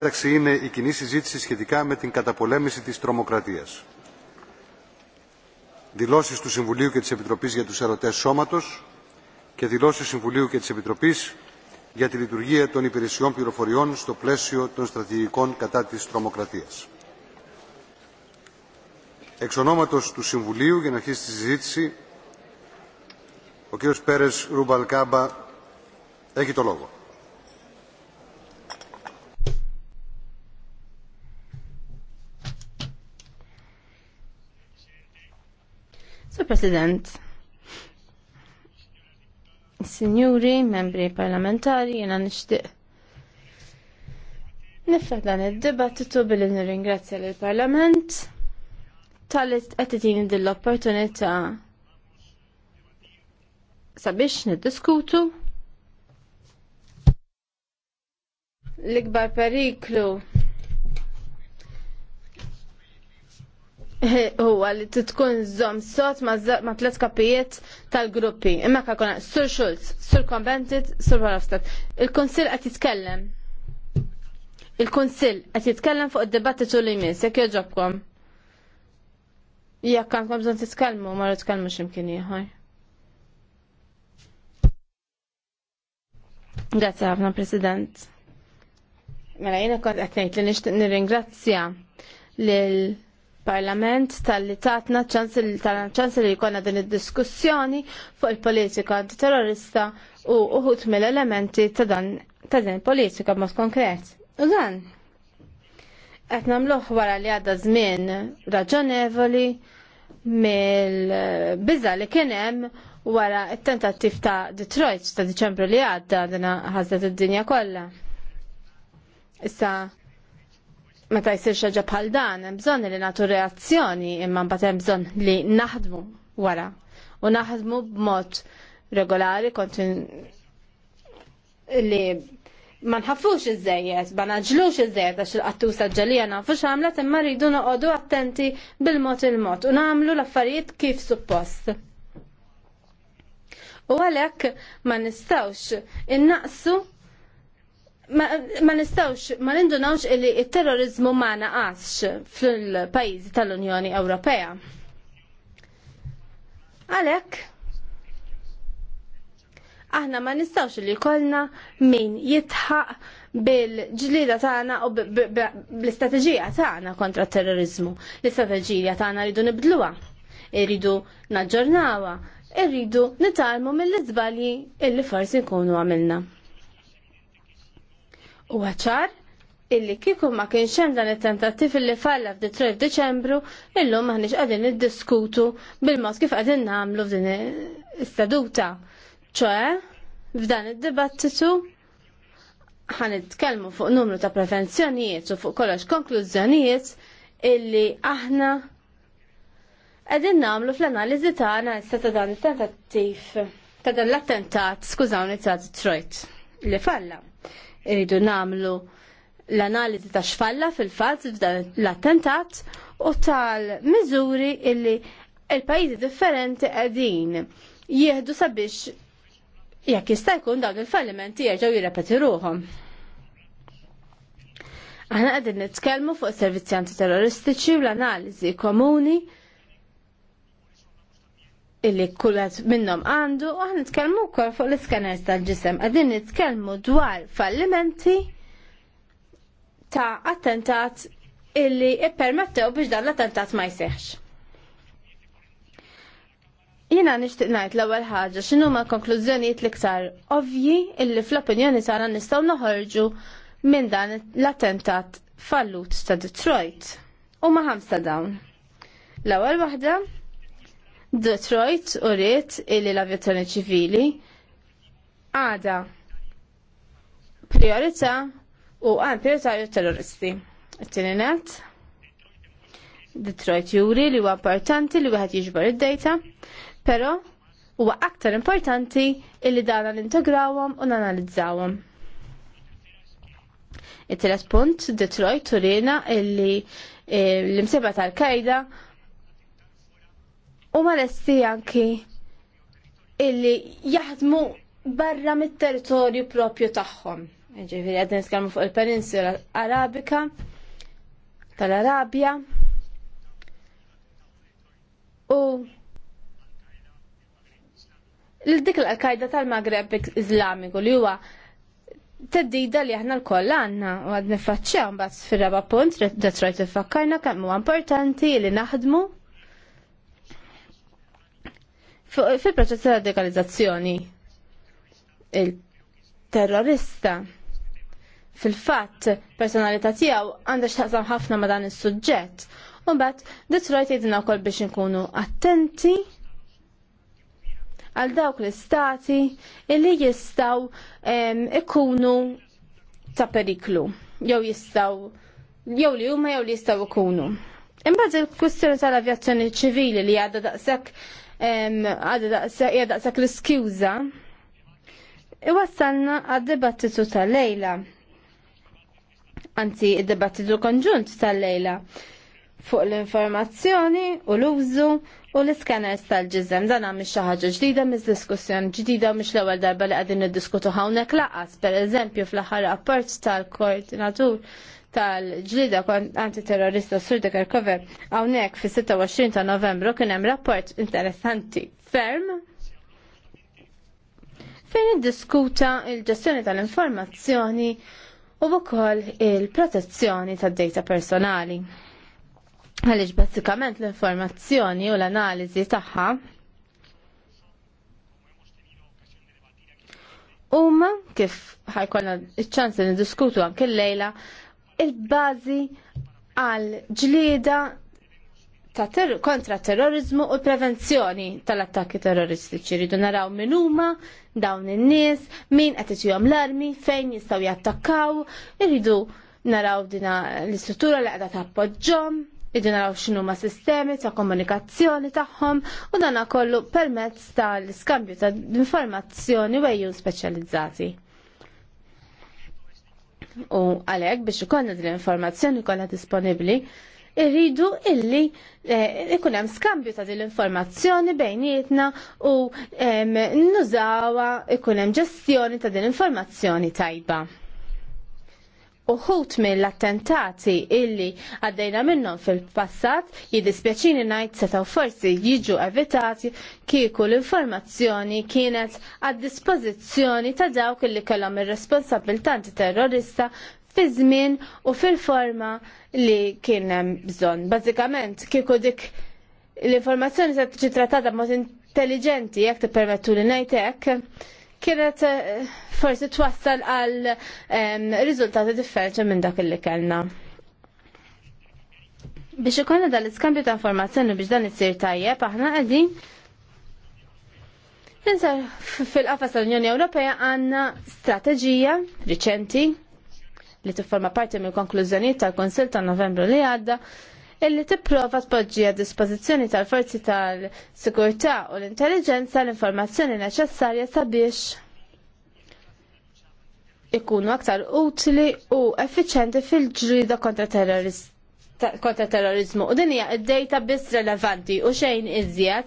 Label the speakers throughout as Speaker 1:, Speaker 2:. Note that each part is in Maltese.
Speaker 1: Εντάξει είναι η κοινή συζήτηση σχετικά με την καταπολέμηση της τρομοκρατίας. Δηλώσεις του Συμβουλίου και της Επιτροπής για τους Ερωτές Σώματος και δηλώσεις του Συμβουλίου και της Επιτροπής για τη λειτουργία των υπηρεσιών πληροφοριών στο πλαίσιο των στρατηγικών κατά της τρομοκρατίας. Εξ ονόματος του Συμβουλίου, για να αρχίσει τη συζήτηση, ο κ. Πέρες Ρουμπαλκάμπα έχει το λόγο.
Speaker 2: Sir President, Signori, membri parlamentari, jena nishtiq. Nifraħ dan id-dibattitu billi nirringrazzja lill parlament tal-li qed din l-opportunità sabiex niddiskutu l-ikbar periklu Eh, huwa li titkun zom sot ma' tliet kapijiet tal-gruppi. Imma ka Sur Schulz, Sur Conventit, Sur Verhofstadt. Il-Kunsill qed jitkellem. Il-Kunsill qed jitkellem fuq id-dibattitu li jmiss, jekk jogħġobkom. Jekk għandkom bżonn titkellmu, ma titkellmu ximkini, ieħor. Grazie ħafna President. Mela jiena kont qed ngħid li nixtieq nirringrazzja lil parlament tal-li tatna ċans li jkollna din id-diskussjoni fuq il-politika antiterrorista u uħut mill-elementi ta' dan ta' din politika mod konkret. U dan qed nagħmluh wara li għadda żmien raġonevoli mill-biża li kien hemm wara t tentattiv ta' Detroit ta' Diċembru li għadda dina ħażet id-dinja kollha. Issa meta jsir xaġa bħal dan, hemm bżonn li nagħtu reazzjoni imma mbagħad hemm bżonn li naħdmu wara u naħdmu b'mod regolari kontin li ma nħaffux iż-żejjed, ma naġlux iż-żejjed għax il-qattusa ġalija nafux għamlet imma rridu noqogħdu attenti bil-mod il-mod u nagħmlu l-affarijiet kif suppost. U għalhekk ma nistgħux innaqsu ma nistawx, ma nindunawx illi il-terrorizmu ma naqasx fil pajzi tal-Unjoni Ewropea. Għalek, aħna ma nistawx li kolna min jitħaq bil-ġlida tagħna u bl-istrateġija tagħna kontra terrorizmu. L-istrateġija tagħna rridu nibdluha, rridu naġġornawha, rridu nitalmu mill izbali illi forsi nkunu għamilna. U għacħar illi kieku ma kienx hemm dan it-tentattiv illi falla f'Detroit f'Diċembru, illum maħniex qegħdin niddiskutu bil-mod kif qegħdin nagħmlu f'din is-seduta. ċoe, f'dan id-dibattitu ħan fuq numru ta' prevenzjonijiet u fuq kollox konklużjonijiet illi aħna qegħdin nagħmlu fl-analiżi tagħna issa ta' dan it-tentattiv ta' dan l-attentat, skużawni ta' Detroit li falla. Irridu namlu l-analizi ta' xfalla fil-fatt f'dan l-attentat u tal-miżuri illi il-pajjiżi differenti qegħdin jieħdu sabiex jekk jista' jkun dawn il-fallimenti jerġgħu jirrepeti ruhom. Aħna qegħdin nitkellmu fuq servizzi antiterroristiċi u l-analiżi komuni illi kullat minnom għandu u għan nitkelmu kol fuq l-iskaners tal-ġisem għadin nitkelmu dwar fallimenti ta' attentat illi ippermettew biex dan l-attentat ma jseħx. Jina nishtiq najt l-ewwel ħaġa x'inhu ma konklużjonijiet l-iktar ovvji illi fl-opinjoni tagħna nistgħu noħorġu minn dan l-attentat fallut ta' Detroit. U ma ħamsa dawn. L-ewwel waħda Detroit u rrit illi l-avjazzjoni ċivili għada priorità u għan prioritarju terroristi. Tininet, Detroit juri li huwa importanti li wieħed jiġbor id-data, però huwa aktar importanti illi dana nintegrawhom u nanalizzawhom. It-tielet punt, Detroit turina illi eh, l-imseba tal-kajda u ma lesti anki illi jaħdmu barra mit-territorju propju tagħhom. Ġifieri qed nitkellmu fuq il-Peninsula Arabika tal-Arabja u l-dik l-Al-Qaeda tal-Magreb Islamiku li huwa teddida li aħna l-koll għanna u għad nifacċaw mbagħad fir-raba' punt Detroit ifakkarna kemm huwa importanti li naħdmu fil-proċess ta' radikalizzazzjoni il-terrorista fil-fatt personalità tiegħu għandha x'taqsam ħafna ma' dan is-suġġett. U mbagħad Detroit jgħidilna wkoll biex inkunu attenti għal dawk l-istati illi jistaw ikunu ta' periklu. Jew jistaw jew li huma jew li jistaw ikunu. Imbagħad il-kwistjoni tal-avjazzjoni ċivili li għadha daqshekk għadda daqsak l-skjuza. Iwassalna għad-dibattitu tal-lejla. Anzi, id-dibattitu konġunt tal-lejla fuq l-informazzjoni u l-użu u l-iskaners tal-ġizem. Dan għam xi ħaġa ġdida miż diskussjoni ġdida mhux l-ewwel darba li qegħdin diskutu hawnhekk laqas. Per eżempju, fl-aħħar rapport tal-koordinatur tal-ġlida antiterrorista Surda Karkove għawnek fi 26 ta' novembru kien hemm rapport interessanti ferm fejn diskuta il-ġestjoni tal-informazzjoni u wkoll il-protezzjoni tad-data personali. Għaliex bazzikament l-informazzjoni u l-analiżi tagħha Umma kif ħajkolna iċ-ċans li diskutu anke l-lejla il-bazi għal ġlieda ta' ter kontra terrorizmu u prevenzjoni tal-attakki terroristiċi. Ridu naraw minn huma dawn in-nies, min qed iġihom l-armi, fejn jistgħu jattakkaw, irridu naraw dina l-istruttura li qiegħda tappoġġhom, irridu naraw x'inhu ma' sistemi ta' komunikazzjoni tagħhom u dan kollu permezz tal-iskambju ta' informazzjoni u speċjalizzati u għalek biex ikollna din l-informazzjoni kollha disponibbli irridu illi eh, ikun hemm skambju ta' din l-informazzjoni bejnietna u nużawa ikun hemm ġestjoni ta' din l-informazzjoni tajba uħut mill-attentati illi għaddejna minnhom fil-passat jiddispjaċini ngħid setaw forsi jiġu evitati kieku l-informazzjoni kienet għad dispożizzjoni ta' dawk illi kellhom ir responsabiltanti terrorista fi żmien u fil-forma li kien hemm bżonn. Bażikament kieku dik l-informazzjoni se tiġi trattata b'mod intelligenti jekk tippermettu li ngħid hekk kienet eh, forsi twassal għal riżultati differenti minn dak li kellna. Biex ikonna dal-iskambju ta' informazzjoni biex dan issir tajjeb, aħna qegħdin Ninsar fil-qafas tal-Unjoni Ewropea għandna strateġija riċenti li tifforma parti mill konklużjonijiet tal-Konsil ta' Novembru li għadda illi tipprova tpoġġi għad dispożizzjoni tal-forzi tal-sigurtà u l-intelligenza l-informazzjoni neċessarja sabiex ikunu aktar utli u effiċenti fil-ġrida kontra terrorizmu. U din hija id-dejta biss relevanti u xejn iżjed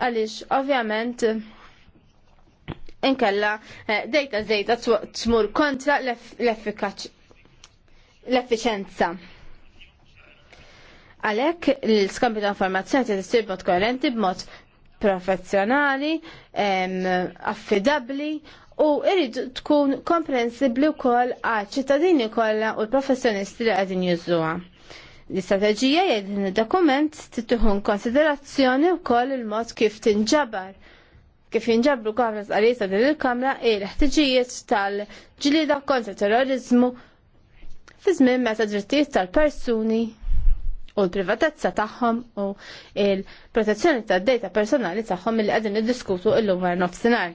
Speaker 2: għaliex ovvjament inkella eh, dejta zejta tmur kontra l-effikaċ l-effiċenza. Għalhekk l skambi ta' informazzjoni se tisir b'mod koerenti b'mod professjonali, affidabbli u irid tkun komprensibli wkoll għal ċittadini kollha u l-professjonisti li qegħdin jużuha. L-istrateġija jgħid dokument tittieħu konsiderazzjoni wkoll il-mod kif tinġabar kif jinġabru kamra għalisa din il-kamra e l-ħtiġijiet tal-ġlida kontra terrorizmu fi żmien meta drittijiet tal-persuni u l-privatezza tagħhom u il-protezzjoni tad data personali tagħhom li qegħdin niddiskutu illum wara nofsinhar.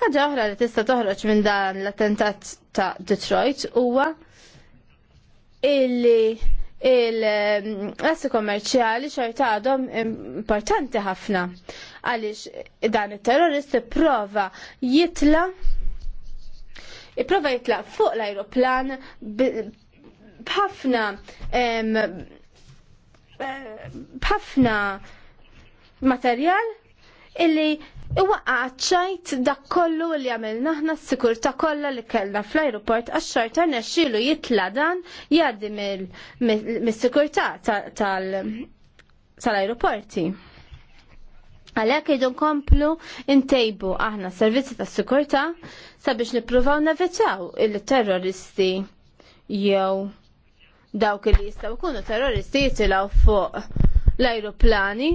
Speaker 2: Ħaġa oħra li tista' toħroġ minn dan l-attentat ta' Detroit huwa illi il-assi kommerċjali xorta għadhom importanti ħafna għaliex dan it-terrorist prova jitla Iprova jitlaq fuq l aeroplan b'ħafna b'ħafna materjal illi Iwaqqaċċajt dak kollu li għamilna ħna s-sikurta kollha li kellna fl-aeroport għax-xarta nexxielu jitla dan jgħaddi mis-sikurta tal-aeroporti. Għalhekk jgħidu nkomplu ntejbu aħna s servizzi tas-sikurta sabiex nippruvaw naveċaw il-terroristi jew dawk li jistgħu jkunu terroristi jitilgħu fuq l-ajruplani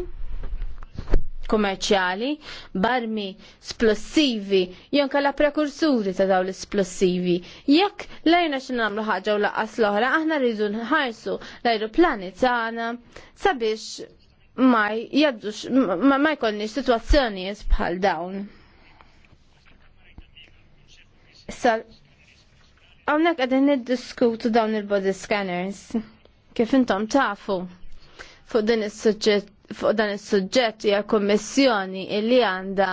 Speaker 2: kummerċjali, barmi splossivi, jonka la prekursuri ta' daw l isplossivi Jekk lejna xin namlu ħagġa u laqqas l-oħra, aħna rridu nħarsu l-aeroplani tagħna sabiex ma jaddux, ma, ma jkollniex sitwazzjonijiet bħal dawn. Sal Għawnek għadin niddiskutu dawn il-body scanners. Kif intom tafu fuq dan is-suġġett hija kummissjoni li għandha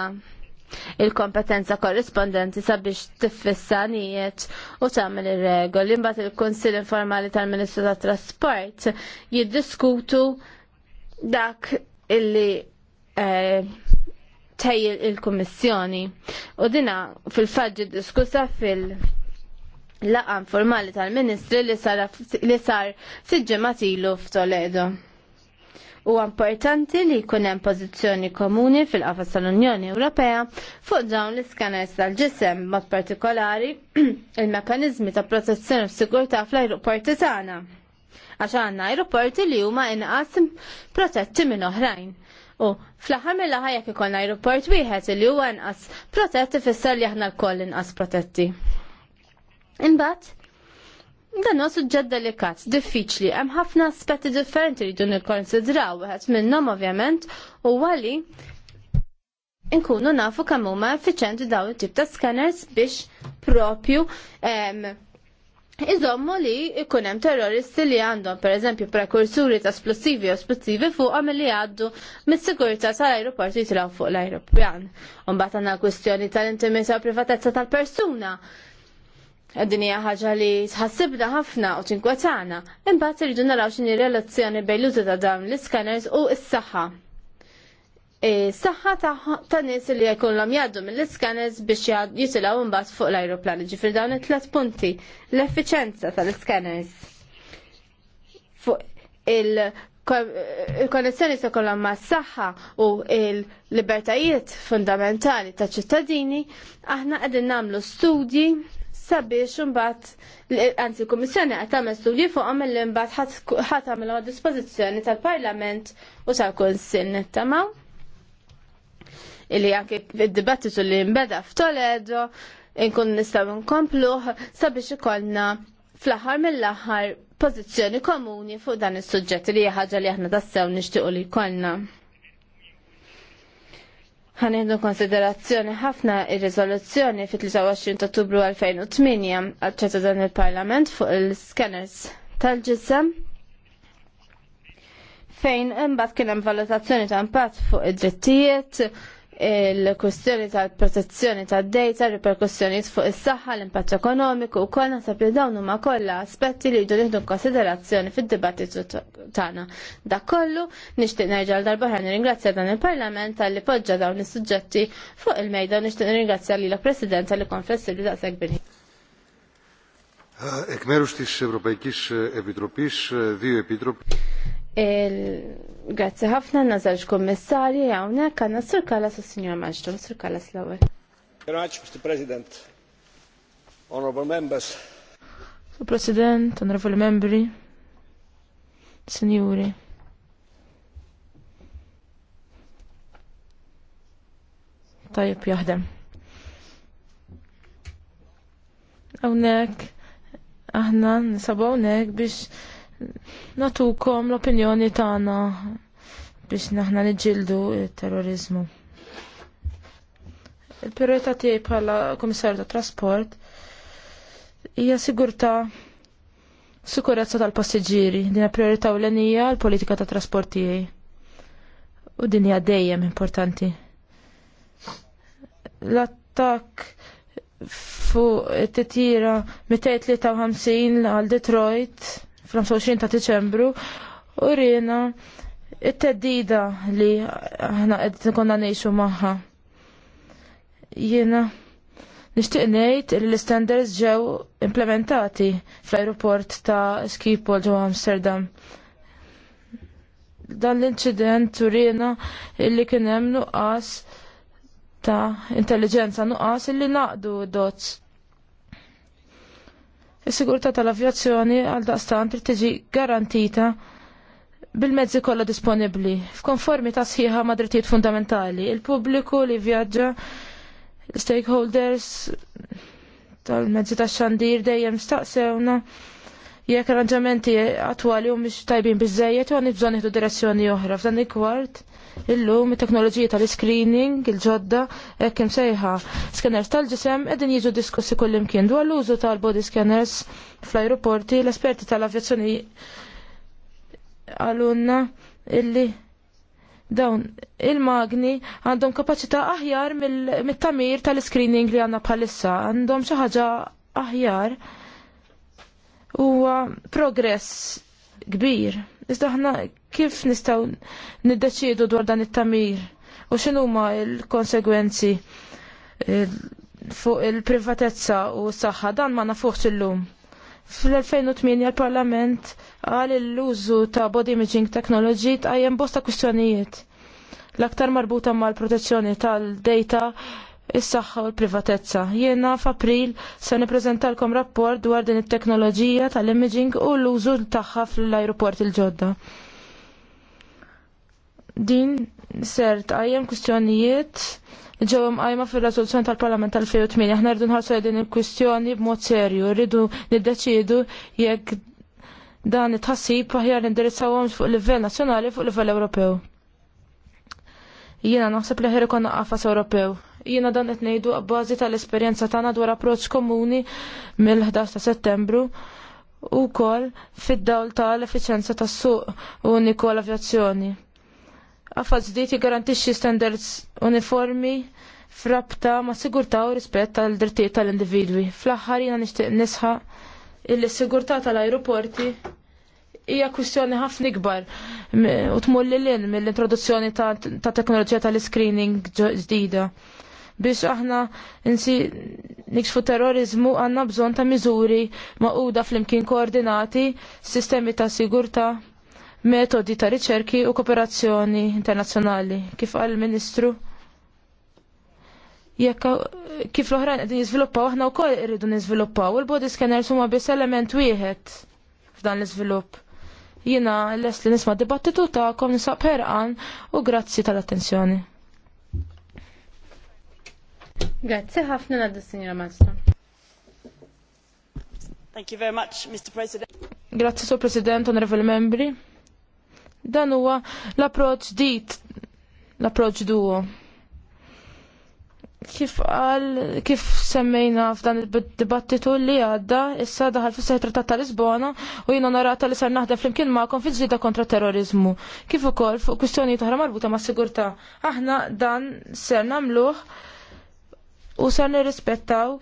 Speaker 2: il-kompetenza korrespondenti sabiex tiffissanijiet u tagħmel ir-regoli. Imbagħad il-Kunsill Informali tal-Ministru tat-Trasport jiddiskutu dak illi eh, il-Kummissjoni. U dina fil-faġġi diskussa fil-, -fagġi, laqa informali tal-Ministri li sar fil-ġematilu f'Toledo. U importanti li jkun hemm pożizzjoni komuni fil-qafas tal-Unjoni Ewropea fuq dawn l-iskaners tal-ġisem, mod partikolari il-mekanizmi ta' protezzjoni u sigurtà fl-ajruporti tagħna. Għax għandna ajruporti li huma inqas protetti minn oħrajn. U fl-aħħar mill-aħħar jekk ikollna ajruport wieħed li huwa inqas protetti fissar li aħna lkoll inqas protetti. Imbagħad Dan huwa suġġett delikat, diffiċli, hemm ħafna aspetti differenti li dun il-konsidraw, wieħed minnhom ovvjament u għali nkunu nafu kemm huma effiċjenti dawn il tip ta' scanners biex propju Iżommu li ikunem hemm terroristi li għandhom pereżempju prekursuri ta' splussivi u splussivi fuqhom li għaddu mis-sigurtà tal-ajruport jitraw fuq l-ajrupjan. Un għandna għanna tal tal intimita tal intimità u privatezza tal persuna Dinja ħaġa li tħassibna ħafna u tinkwetana, imbagħad rridu naraw x'inhi relazzjoni bejn l-użu ta' dawn l-iskaners u s-saħħa. Saħħa ta' nies li jkollhom jgħaddu mill-iskaners biex jitilgħu mbagħad fuq l-ajruplani. Ġifier dawn it-tlet punti l-effiċenza tal-iskaners. Fuq il il-konnessjoni se kollha ma' s-saħħa u l-libertajiet fundamentali ta' ċittadini, aħna qegħdin nagħmlu studji sabiex imbagħad anzi l-Kummissjoni qed tagħmel studji fuqhom li mbagħad ħadd tagħmilhom għad-dispożizzjoni tal-Parlament u tal-Kunsill nittamaw. Illi anke id-dibattitu li nbeda f'Toledo nkun nistgħu nkompluh sabiex ikollna fl-aħħar mill-aħħar pożizzjoni komuni fuq dan is-suġġett li hija ħaġa li aħna tassew nixtiequ li jkollna ħanieħdu konsiderazzjoni ħafna ir-riżoluzzjoni fit-23 ta' Ottubru 2008 għadċeta dan il-Parlament fuq il-scanners tal-ġisem fejn imbagħad kien hemm valutazzjoni ta' impatt fuq id-drittijiet il-kustjoni tal-protezzjoni tad-data, riperkussjonijiet fuq is-saħħa, l-impatt ekonomiku u kollha nasab li dawn huma kollha aspetti li jdu nieħdu konsiderazzjoni fid-dibattitu tagħna. Dak kollu nixtieq nerġa' l darba ħan nirringrazzja dan il-Parlament tal-li poġġa dawn is-suġġetti fuq il-mejda u nixtieq nirringrazzja lilek President tal-li konfessi li daqshekk bini.
Speaker 1: Εκ μέρους της Ευρωπαϊκής Επιτροπής, δύο επίτροποι.
Speaker 2: Grazie ħafna, nażarġ kommissarji, għawnek, kanna Sir Kalas u Signor Maġdum, Sir Kalas l għawel
Speaker 1: Grazie, Mr. President. Honorable Members.
Speaker 2: Sir
Speaker 3: President, Honorable Membri, Signori. Tajib, jahdem. Għawnek, aħna nisabu għawnek biex natukom l-opinjoni tagħna biex naħna niġġieldu terrorizmu. Il-priorità tiegħi bħala Kummissarju tat Trasport hija sigurtà sikurezza tal-passiġġieri Dinha priorità u l-politika tat trasport tiegħi. U din hija dejjem importanti. L-attakk fuq it-titira 253 għal Detroit fl-25 ta' Deċembru u rina it-teddida li aħna qed konna ngħixu magħha. Jiena nixtieq ngħid li l-standards ġew implementati fl-ajruport ta' Schiphol ġew Amsterdam. Dan l-inċident urina illi kien hemm nuqqas ta' intelligenza nuqqas illi naqdu dots Is-sigurtà tal-avjazzjoni għal daqstant trid tiġi garantita bil-mezzi kollha disponibbli f'konformi ta' sħiħa ma' drittijiet fundamentali. Il-pubbliku li vjaġġa, stakeholders tal-mezzi tax xandir dejjem staqsewna jekk arranġamenti attwali u tajbin biżejjed u għandi bżonn direzzjoni oħra f'dan il-kwart Illum it-teknoloġija tal-screening il-ġodda hekk sejħa skanners tal-ġisem qegħdin jiġu diskussi kullimkien dwar l-użu tal-body scanners fl-ajruporti l-esperti tal-avjazzjoni għalunna illi dawn il-magni għandhom kapaċità aħjar mit-tamir tal-screening li għandna bħalissa għandhom xi ħaġa aħjar huwa progress kbir. Iżda ħna Kif nistaw niddeċidu dwar dan it-tamir? U x'inhuma l-konsegwenzi eh, fuq il-privatezza u s-saħħa dan ma nafuħx illum. Fl-2008 il-Parlament għal l-użu ta' body imaging technology tqajjem bosta kwistjonijiet. L-aktar marbuta mal-protezzjoni tal-data is-saħħa u l-privatezza. Jiena f'April se nippreżentalkom rapport dwar din it-teknoloġija tal-imaging u l-użu tagħha fl-ajruport il-ġodda din ser tqajjem kwistjonijiet ġew għajma fir rezoluzjoni tal-Parlament tal-2008 aħna rridu nħarsu din il-kwistjoni b'mod serju, rridu niddeċidu jekk dan it-ħassib aħjar indirizzawhom fuq livell nazzjonali fuq livell Ewropew. Jiena naħseb li ħer konna qafas Ewropew. Jiena dan qed ngħidu bbażi tal-esperjenza tagħna dwar approċċ komuni mill-11 ta' Settembru u kol fid-dawl tal-efficienza tas-suq uniku l-avjazzjoni. Għafaz ġdijt jgarantixxi standards uniformi frabta ma' sigurta u rispett tal drittijiet tal-individwi. Fl-aħħar jina nixtieq nisħa il-sigurtà tal-ajruporti hija kwistjoni ħafna ikbar u tmur lil lin mill-introduzzjoni ta' teknoloġija tal-screening ġdida. Biex aħna insi nikxfu terrorizmu għandna bżonn ta' miżuri fl flimkien koordinati, sistemi ta' sigurtà metodi ta' riċerki u kooperazzjoni internazzjonali. Kif għal ministru jekk kif l-oħrajn qed jiżviluppaw aħna wkoll irridu niżviluppaw. Il-body scanners huma biss element wieħed f'dan l-iżvilupp. Jiena lest li nisma' dibattitu tagħkom nisaq perqan u grazzi tal-attenzjoni.
Speaker 2: Grazzi ħafna għad signora Malmström. Thank you very much, Mr. President.
Speaker 3: Grazie, Sir President, onorevoli membri. Dan huwa l-approċ dit, l-approċ duo. Kif għal kif semmejna f'dan il-dibattitu li għadda, issa daħal fis trattat ta' Lisbona u jina narata li sar naħdem flimkien ma'kom fi ġdida kontra terrorizmu. Kif ukoll fuq kwistjoni oħra marbuta ma' sigurtà. Aħna dan ser nagħmluh u ser nirrispettaw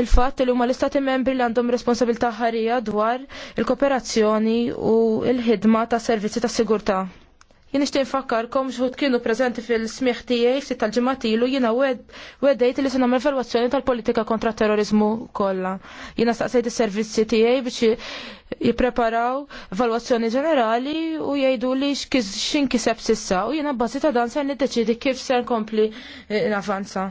Speaker 3: il-fatt li huma l-istati membri li għandhom responsabilità ħarija dwar il-kooperazzjoni u l-ħidma ta' servizzi ta' sigurtà. Jien nixtieq nfakkarkom xħud kienu preżenti fil-smieħ tiegħi ftit tal-ġimgħat ilu jiena wedejt li se nagħmel evalwazzjoni tal-politika kontra terrorizmu kollha. Jiena staqsejt is-servizzi tiegħi biex jippreparaw evalwazzjoni ġenerali u jgħidu li x'inkiseb sissa u jiena bbażita dan se niddeċidi kif se nkompli eh, avanza.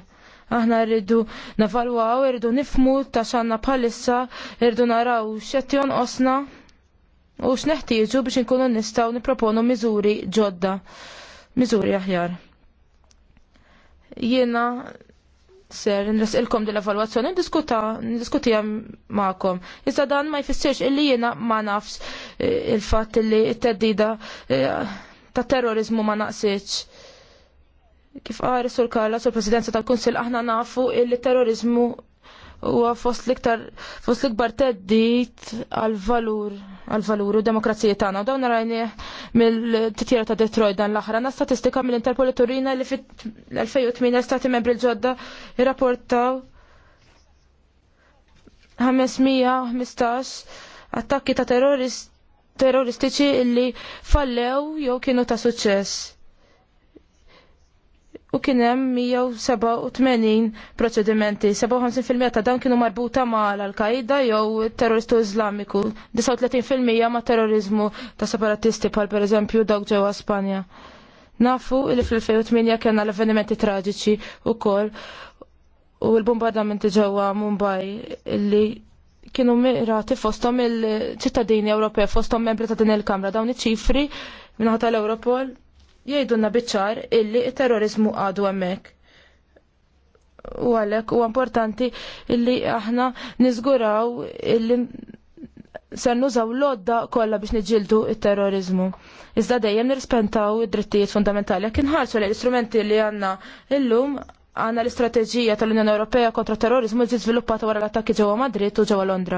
Speaker 3: Aħna rridu navalwaw, rridu nifmu ta' xanna bħalissa, rridu naraw x'qed osna u x'neħtieġu biex inkunu nistgħu nipproponu miżuri ġodda, miżuri aħjar. Jiena ser nresqilkom din l-evalwazzjoni diskutija ma'kom. Iżda dan ma jfissirx illi jiena ma nafx eh, il-fatt illi t-teddida eh, ta' terrorizmu ma naqsitx. Kif għar sur Karla sur Presidenza tal-Kunsil aħna nafu illi terrorizmu huwa fost l fost likbar ikbar teddit għal-valur għal-valur u demokrazija tagħna. Dawn rajni mill-titjera ta' Detroit dan l-aħħar. Na statistika mill-Interpol Turina li fit l-2008 stati membri l-ġodda irrapportaw 515 attakki ta' terroristiċi illi fallew jew kienu ta' suċċess u kien hemm 187 proċedimenti, 57% ta' dawn kienu marbuta ma' l-Al-Qaida jew terroristu Islamiku, 39% ma' terrorizmu ta' separatisti pal pereżempju dawk ġewwa Spanja. Nafu li fl-2008 kellna l-avvenimenti traġiċi wkoll u l-bombardamenti ġewwa Mumbai li kienu mirati fosthom il-ċittadini Ewropej, fosthom membri ta' din il-Kamra, dawn iċ-ċifri minħata l-Europol jgħidulna biċċar illi terrorizmu għadu hemmhekk. U għalhekk huwa importanti illi aħna nizguraw illi ser nużaw lodda kollha biex niġildu il terrorizmu Iżda dejjem nirrispentaw id-drittijiet fundamentali jekk ħarsu l-istrumenti li għandna illum għanna l-istrateġija tal-Unjoni Ewropea kontra terrorizmu ġi żviluppata wara l-attakki ġewwa Madrid u ġewwa Londra.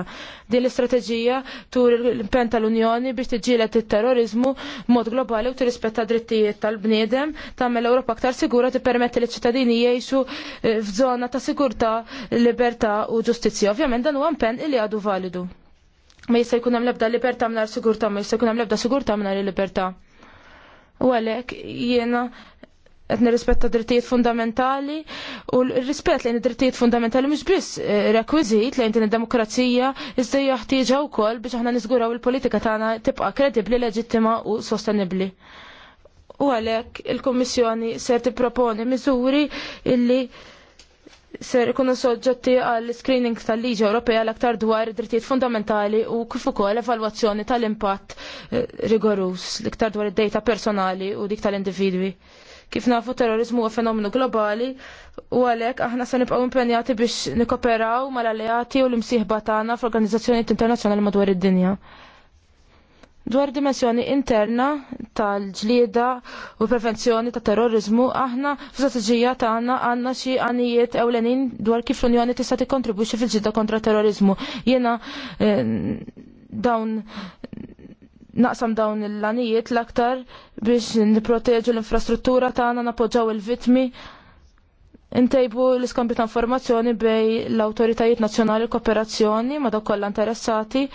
Speaker 3: Din l-istrateġija tur l-impenn tal-Unjoni biex tiġġieled it-terrorizmu b'mod globali u tirrispetta drittijiet tal-bniedem, tagħmel Ewropa aktar sigura tippermetti li ċittadini jgħixu eh, f'żona ta' sigurtà, libertà u ġustizzja. Ovvjament dan huwa impenn li għadu validu. Ma jista' jkun hemm l-ebda libertà mingħajr sigurtà, ma jista' jkun hemm l-ebda sigurtà mingħajr il-libertà. U għalhekk jiena qed nirrispetta drittijiet fundamentali u l-rispett lejn id-drittijiet fundamentali mhux biss eh, rekwiżit lejn din id-demokrazija iżda jaħtieġa wkoll biex aħna niżguraw il-politika tagħna tibqa' kredibbli, leġittima u sostenibbli. U għalhekk il-Kummissjoni ser tipproponi miżuri illi ser ikunu soġġetti għall screening tal-liġi Ewropea l-aktar dwar drittijiet fundamentali u kif ukoll evalwazzjoni tal-impatt eh, rigorus l-iktar dwar id-data personali u dik tal-individwi. Kif nafu terrorizmu u fenomenu globali u għalhekk aħna se nibqgħu impenjati biex nikoperaw mal-alleati u l-imsieħba tagħna f'organizzazzjonijiet internazzjonali madwar id-dinja. Dwar dimensjoni interna tal-ġlieda u prevenzjoni ta' terrorizmu, aħna f'strateġija tagħna għandna xi għanijiet ewlenin dwar kif l-Unjoni tista' tikkontribwixxi fil-ġidda kontra terrorizmu. Jiena eh, dawn naqsam dawn il-lanijiet l-aktar biex niproteġu l-infrastruttura tagħna napoġġaw il-vitmi intejbu l-iskambju ta' informazzjoni bej l-autoritajiet nazzjonali kooperazzjoni ma dawk kollha interessati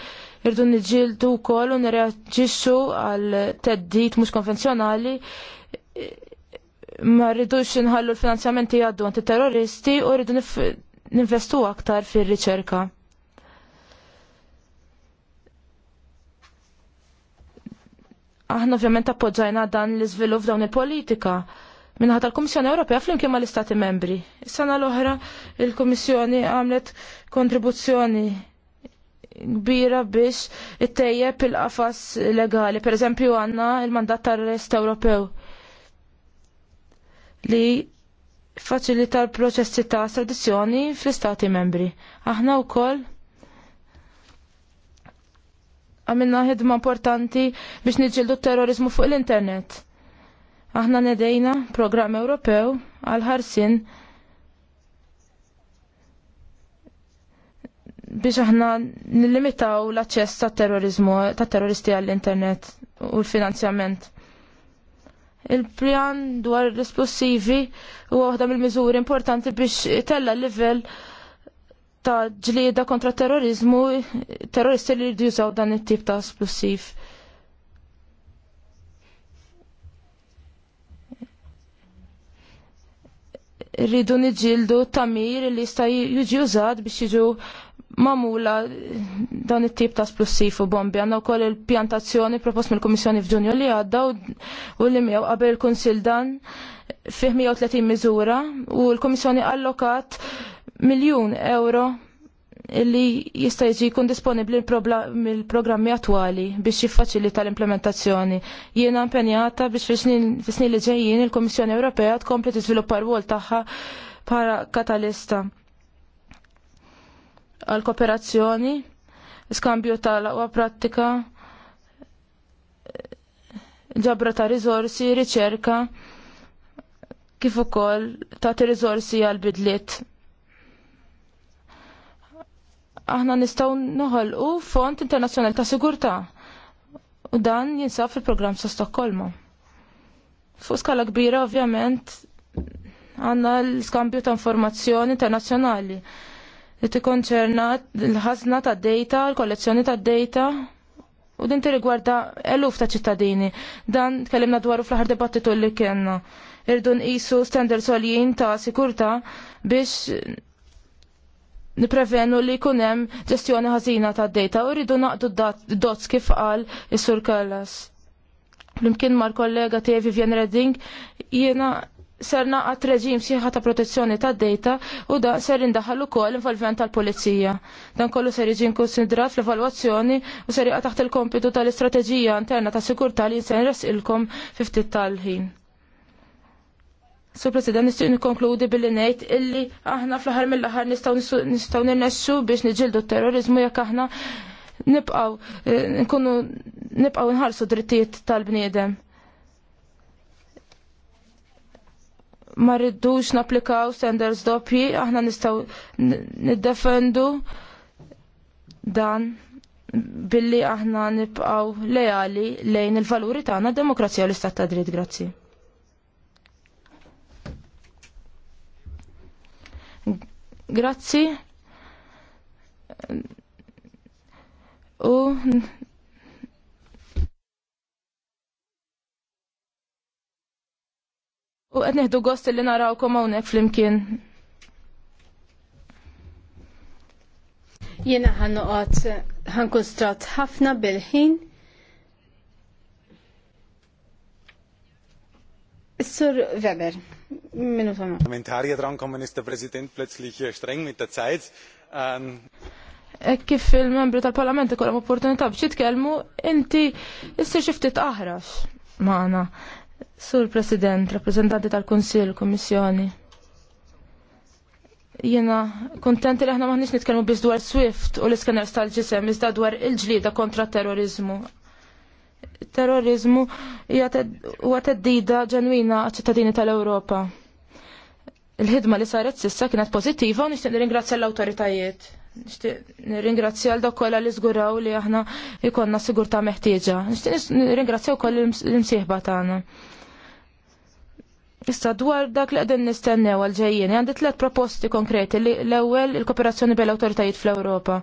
Speaker 3: irdu niġġieldu wkoll u nirreaġixxu għal teddit mhux konvenzjonali ma rridux inħallu l-finanzjamenti għaddu anti terroristi u rridu ninvestu aktar fir-riċerka. Aħna ovvjament appoġġajna dan l-iżvilupp dawn il-politika minħat tal komissjoni Ewropea flimkien mal istati membri. Is-sena l-oħra il komissjoni għamlet kontribuzzjoni kbira biex ittejjeb il-qafas legali. Per eżempju għanna il-mandat tar-rest Ewropew li faċilita l-proċessi ta' tradizzjoni fl-istati membri. Aħna wkoll għamilna ħidma importanti biex nġildu terrorizmu fuq l-internet. Aħna nedejna programm Ewropew għal ħarsin biex aħna nillimitaw l-aċċess tat terrorizmu tat terroristi għall-internet u l-finanzjament. Il-pjan dwar l-esplosivi u waħda mill-miżuri importanti biex tella l-livell ta' ġlieda kontra terrorizmu, terroristi li jridu jużaw dan it-tip ta' esplosiv. Rridu niġildu tamir li jista' jiġi użat biex jiġu mamula dan it-tip ta' esplosiv u bombi. Għandna wkoll il-pjantazzjoni propost mill-Kummissjoni f'Ġunju li għadda u li miegħu qabel il-Kunsil dan fih 130 miżura u l-Kummissjoni allokat miljun euro illi jista' jiġi jkun disponibbli mill-programmi attwali biex jiffaċilita l-implementazzjoni. Jiena impenjata biex fis-snin li ġejjin il-Kummissjoni Ewropea tkompli tiżviluppar wol tagħha bħala katalista għal kooperazzjoni, skambju tal-aqwa prattika, ġabra ta' riżorsi, riċerka, kif ukoll tagħti riżorsi għal bidliet aħna nistgħu noħolqu Fond Internazzjonali ta' Sigurtà u dan jinsab fil-programm sa' Stokkolma. Fuq skala kbira ovvjament għandna l-skambju ta' informazzjoni internazzjonali li tikkonċerna l ħazna ta' data, l-kollezzjoni ta' data u din rigwarda eluf ta' ċittadini. Dan tkellimna dwaru fl-aħħar dibattitu li kienna. Irdun nqisu standards għoljien ta' sikurta biex niprevenu li jkun hemm ġestjoni ħażina tad dejta u rridu naqdu d-dots kif qal is-Sur Kallas. Flimkien mal-kollega tiegħi Vivian Redding jiena ser naqat reġim sieħa ta' protezzjoni ta' data u da ser indaħal ukoll involvent tal-pulizija. Dan kollu ser jiġi konsidrat fl-evalwazzjoni u ser jaqa' taħt il-kompitu tal-istrateġija interna ta' sikurta li jinsen resqilkom fi ftit tal-ħin. Sur President, nistiq nikonkludi billi ngħid illi aħna fl-aħħar mill-aħħar nistgħu nirnessu biex niġildu terrorizmu jekk aħna nibqgħu eh, nkunu nibqgħu nħarsu drittijiet tal-bniedem. Ma rridux napplikaw standards doppji, aħna nistgħu niddefendu dan billi aħna nibqgħu lejali lejn il-valuri tagħna demokrazija u l-istat ta' dritt, grazzi. Grazzi. U U qed neħdu gost li narawkom hawnhekk flimkien.
Speaker 2: Jiena ħanoqgħod ħankun strat ħafna bil-ħin. Sur Weber. Kommentarje
Speaker 1: dran kommen, ist der Präsident plötzlich äh, streng mit der Zeit. Ähm,
Speaker 3: Ekki Kif il-membri tal-parlament ikollhom opportunità biex kelmu, inti issir xi ftit aħrax magħna. Sur President, rappresentanti tal-Kunsill, komissjoni. Jiena kontenti li aħna maħniex nitkellmu biss dwar Swift u l-iskeners tal-ġisem iżda dwar il-ġlieda kontra terrorizmu terrorizmu huwa teddida ġenwina ċittadini tal-Ewropa. Il-ħidma li saret sissa kienet pożittiva u nixtieq nirringrazzja l-awtoritajiet. Nixtieq nirringrazzja l kollha li żguraw li aħna jkollna s-sigurta' meħtieġa. Nixtieq nirringrazzja wkoll l-imsieħba tagħna. Issa dwar dak li qegħdin nistennew għal ġejjien, għandi tliet proposti konkreti li l-ewwel il-kooperazzjoni bejn l-awtoritajiet fl-Ewropa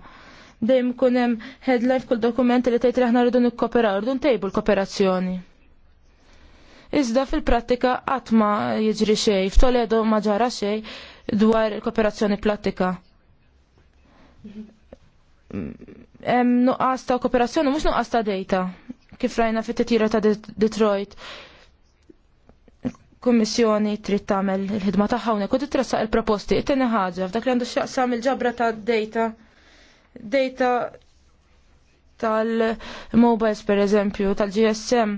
Speaker 3: dejjem ikun hemm headline f'kull dokumenti li tgħid li aħna rridu nikkoperaw, rridu ntejbu l-kooperazzjoni. Iżda fil-prattika qatt ma jiġri xejn, f'Toledo ma ġara xejn dwar kooperazzjoni pratika. Hemm nuqqas ta' kooperazzjoni mhux nuqqas ta' dejta kif rajna fit-titjira ta' Detroit kummissjoni trid tagħmel il-ħidma tagħha hawnhekk u titressaq il-proposti. It-tieni ħaġa f'dak li għandu x'jaqsam il-ġabra ta' data data tal-mobiles per eżempju, tal-GSM.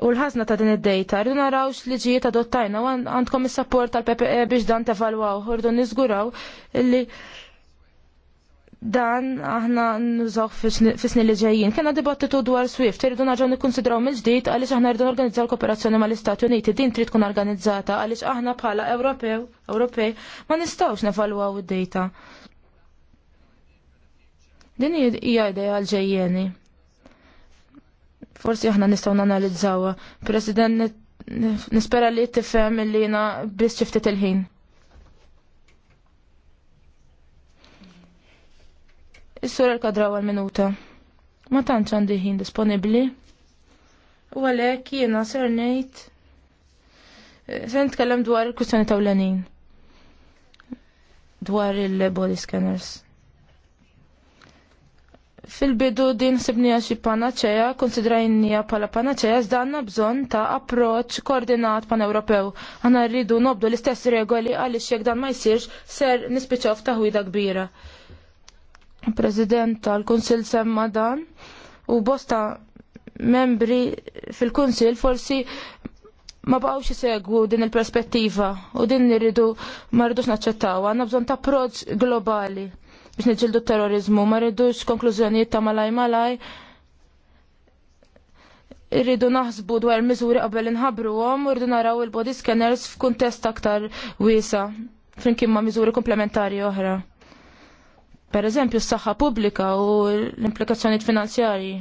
Speaker 3: U l-ħazna ta' din id-data, rridu naraw x'liġijiet adottajna, għandkom is-support tal-PPE biex dan tevalwaw, rridu nizguraw li dan aħna nużaw fis-snin li ġejjin. Kena dibattitu dwar Swift, irridu naġaw nikonsidraw mill ġdid għaliex aħna rridu organizzaw l-kooperazzjoni mal-Istati Uniti, din trid tkun organizzata għaliex aħna bħala Ewropew, Ewropej, ma nistgħux nevalwaw id-data. Din hija idea għal-ġejjeni. Forsi aħna nistgħu nanalizzawha. President nispera li tifhem illi jiena biss xiftit il-ħin. Is-sura l-kadraw għal-minuta. Ma tantx għandi ħin disponibbli. U għalhekk jiena ser ngħid eh, se nitkellem dwar il-kwistjoni tawlenin Dwar il-body scanners. Fil-bidu din sibnija xi panaċeja, konsidrajnija pala panaċeja, zdanna bżon ta' approċ koordinat pan-Ewropew. Għana rridu nobdu l-istess regoli għalix jek dan ma jisirx ser nispiċaw f'taħwida kbira. President tal-Kunsil semma dan u bosta membri fil-Kunsil forsi ma baqgħux segwu din il-perspettiva u din nirridu ma rridux naċċettaw. Għanna bżonn ta' approċ globali biex niġildu terrorizmu. Ma rridux konklużjonijiet ta' malaj malaj. Irridu naħsbu dwar miżuri qabel inħabru għom, rridu naraw il-body scanners f'kuntest aktar wiesa, flimkien ma' miżuri komplementari oħra. Per eżempju, s-saħħa pubblika u l-implikazzjonijiet finanzjarji.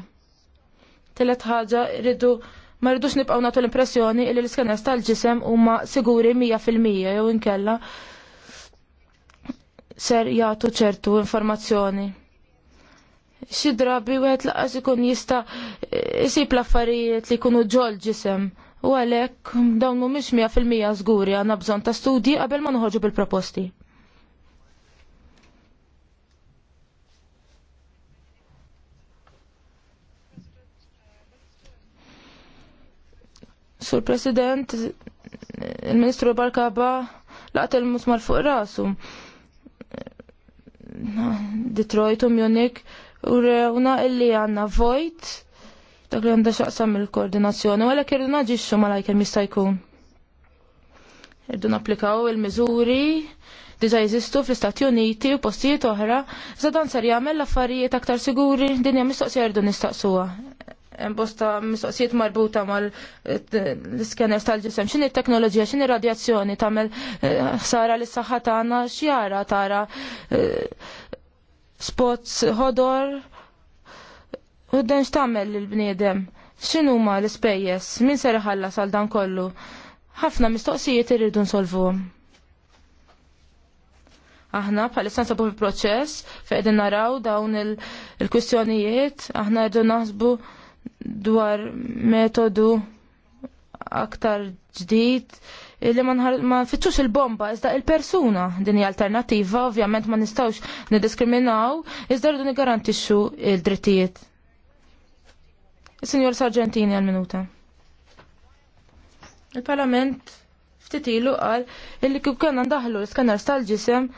Speaker 3: Telet ħaġa irridu ma rridux nibqgħu nagħtu l-impressjoni li l skanners tal-ġisem huma siguri mija fil-mija jew inkella ser jagħtu ċertu informazzjoni. Xi drabi wieħed laqas ikun jista' isib l-affarijiet li jkunu ġol ġisem u għalhekk dawn mhumiex mija fil-mija żguri għandna bżonn ta' studji qabel ma noħorġu bil-proposti. Sur President, il-Ministru Barkaba laqt il-musmar fuq rasu. Detroit u Munich u rewna illi għanna vojt dak li għanda xaqsam il-koordinazzjoni u għalek irdu naġiċu malajk jista' jkun. Irdu applikaw il-mizuri diġa jizistu fl-Istati Uniti u postijiet oħra, zadan ser jagħmel l-affarijiet aktar siguri din hija mistoqsija irdu nistaqsuha bosta mistoqsijiet marbuta mal-scanners tal-ġisem. X'inhi t-teknoloġija, x'inhi radjazzjoni tagħmel eh, sara lis saħħa tagħna x'jara tara eh, spots ħodor u den x'tagħmel l bniedem X'inhuma l-ispejjeż? Min ser iħallas għal dan kollu? Ħafna mistoqsijiet irridu nsolvu. aħna bħalissa nsabu fil-proċess fejn naraw dawn il-kwistjonijiet, aħna rridu naħsbu dwar metodu aktar ġdid li ma nfittxux il-bomba, iżda il-persuna din hija alternattiva, ovvjament ma nistgħux nidiskriminaw, iżda rridu nigarantixxu il-drittijiet. Signor Sargentini għal-minuta. Il-Parlament ftit ilu qal illi kif kena ndaħlu l-skanner tal-ġisem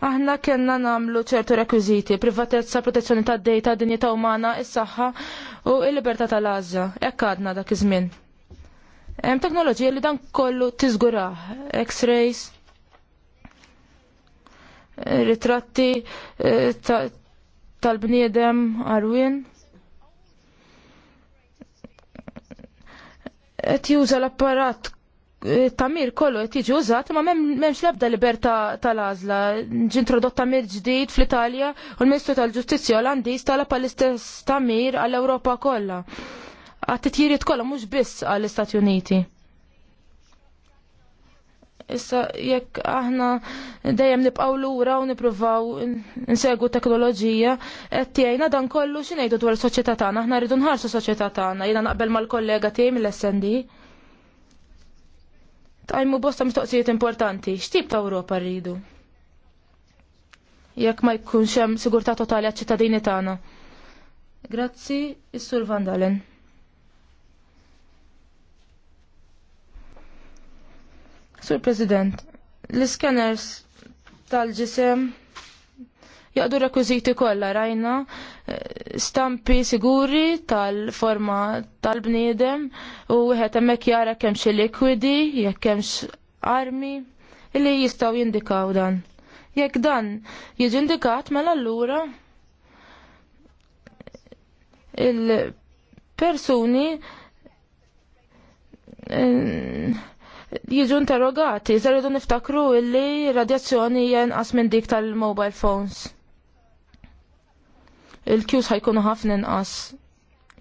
Speaker 3: Aħna kena namlu ċertu rekwiziti, privatezza, protezzjoni ta' dejta, dinjità umana, is-saħħa u l-libertà tal-għażla. Hekk għadna dak iż-żmien. Hemm teknoloġija li dan kollu tiżgurah, X-rays, ritratti eh, tal-bniedem arwin. Qed juża l-apparat tamir kollu qed jiġi użat ma m'hemmx l-ebda libertà tal-għażla. introdott tamir ġdid fl-Italja u l-Ministru tal-Ġustizzja Olandiż tala pal-istess tamir għall-Ewropa kollha. Għat-titjiriet kollha mhux biss għall-Istati Uniti. Issa jekk aħna dejjem nibqgħu lura u nippruvaw insegu teknoloġija qed tiegħina dan kollu x'ingħidu dwar is-soċjetà tagħna, aħna rridu nħarsu soċjetà tagħna, jiena naqbel mal-kollega tiegħi mill-SND. Tajmu bosta mistoqsijiet importanti, x'tip ta' Europa rridu? Jekk ma jkunx hemm sigurtà totali għat ċittadini tagħna. Grazzi, is-Sur Van Dalen. Sur President, l-scanners tal-ġisem jaqdu rekwiziti kollha rajna eh, stampi siguri tal-forma tal-bniedem u wieħed hemmhekk jara kemm xi likwidi jekk hemmx armi illi jistgħu jindikaw dan. Jekk dan jiġi indikat mela allura il-persuni eh, jiġu interrogati, jizarridu niftakru illi radjazzjoni jenqas minn dik tal-mobile phones il-kjus ħajkunu ħafna inqas.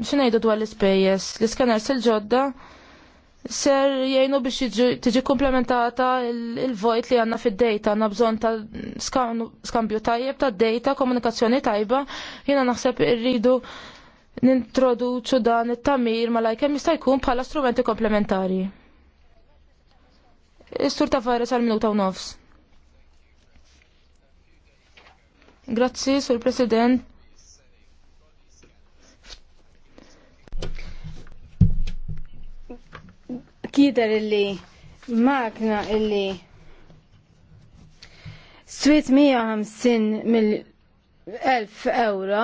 Speaker 3: Xinajdu dwar l-ispejjeż, l-iskaners il-ġodda ser jgħinu biex tiġi komplementata il-vojt li għanna fid-data, għanna bżon ta' skambju tajjeb ta' data, komunikazzjoni tajba, jina naħseb irridu nintroduċu dan it-tamir ma lajkem jista' jkun bħala strumenti komplementari. Istur sur ta' fares għal-minuta u nofs. Grazzi, sur President.
Speaker 2: kider illi magna illi Swit 150 mill elf euro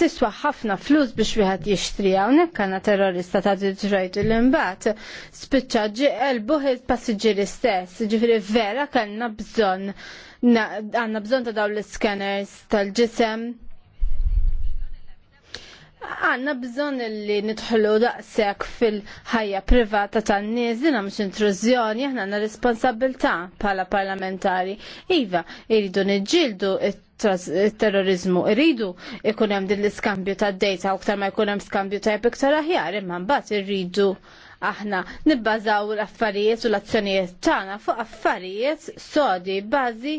Speaker 2: tiswa ħafna flus biex wieħed jixtrija u kana terrorista ta' Detroit l imbagħad spiċċa ġelbuh il-passiġġieri stess, ġifieri vera kellna bżonn għandna bżonn ta' dawn l-scanners tal-ġisem Għanna bżon li nidħlu daqsek fil-ħajja privata tan-nies, dinha mhux intrużjoni, aħna għandna responsabilità bħala parlamentari. Iva, iridu niġġieldu it terrorizmu iridu ikun hemm din l-iskambju tad-dejta u ktar ma jkun hemm skambju ta' iktar aħjar imma mbagħad irridu aħna nibbażaw l-affarijiet u l-azzjonijiet tagħna fuq affarijiet sodi, bażi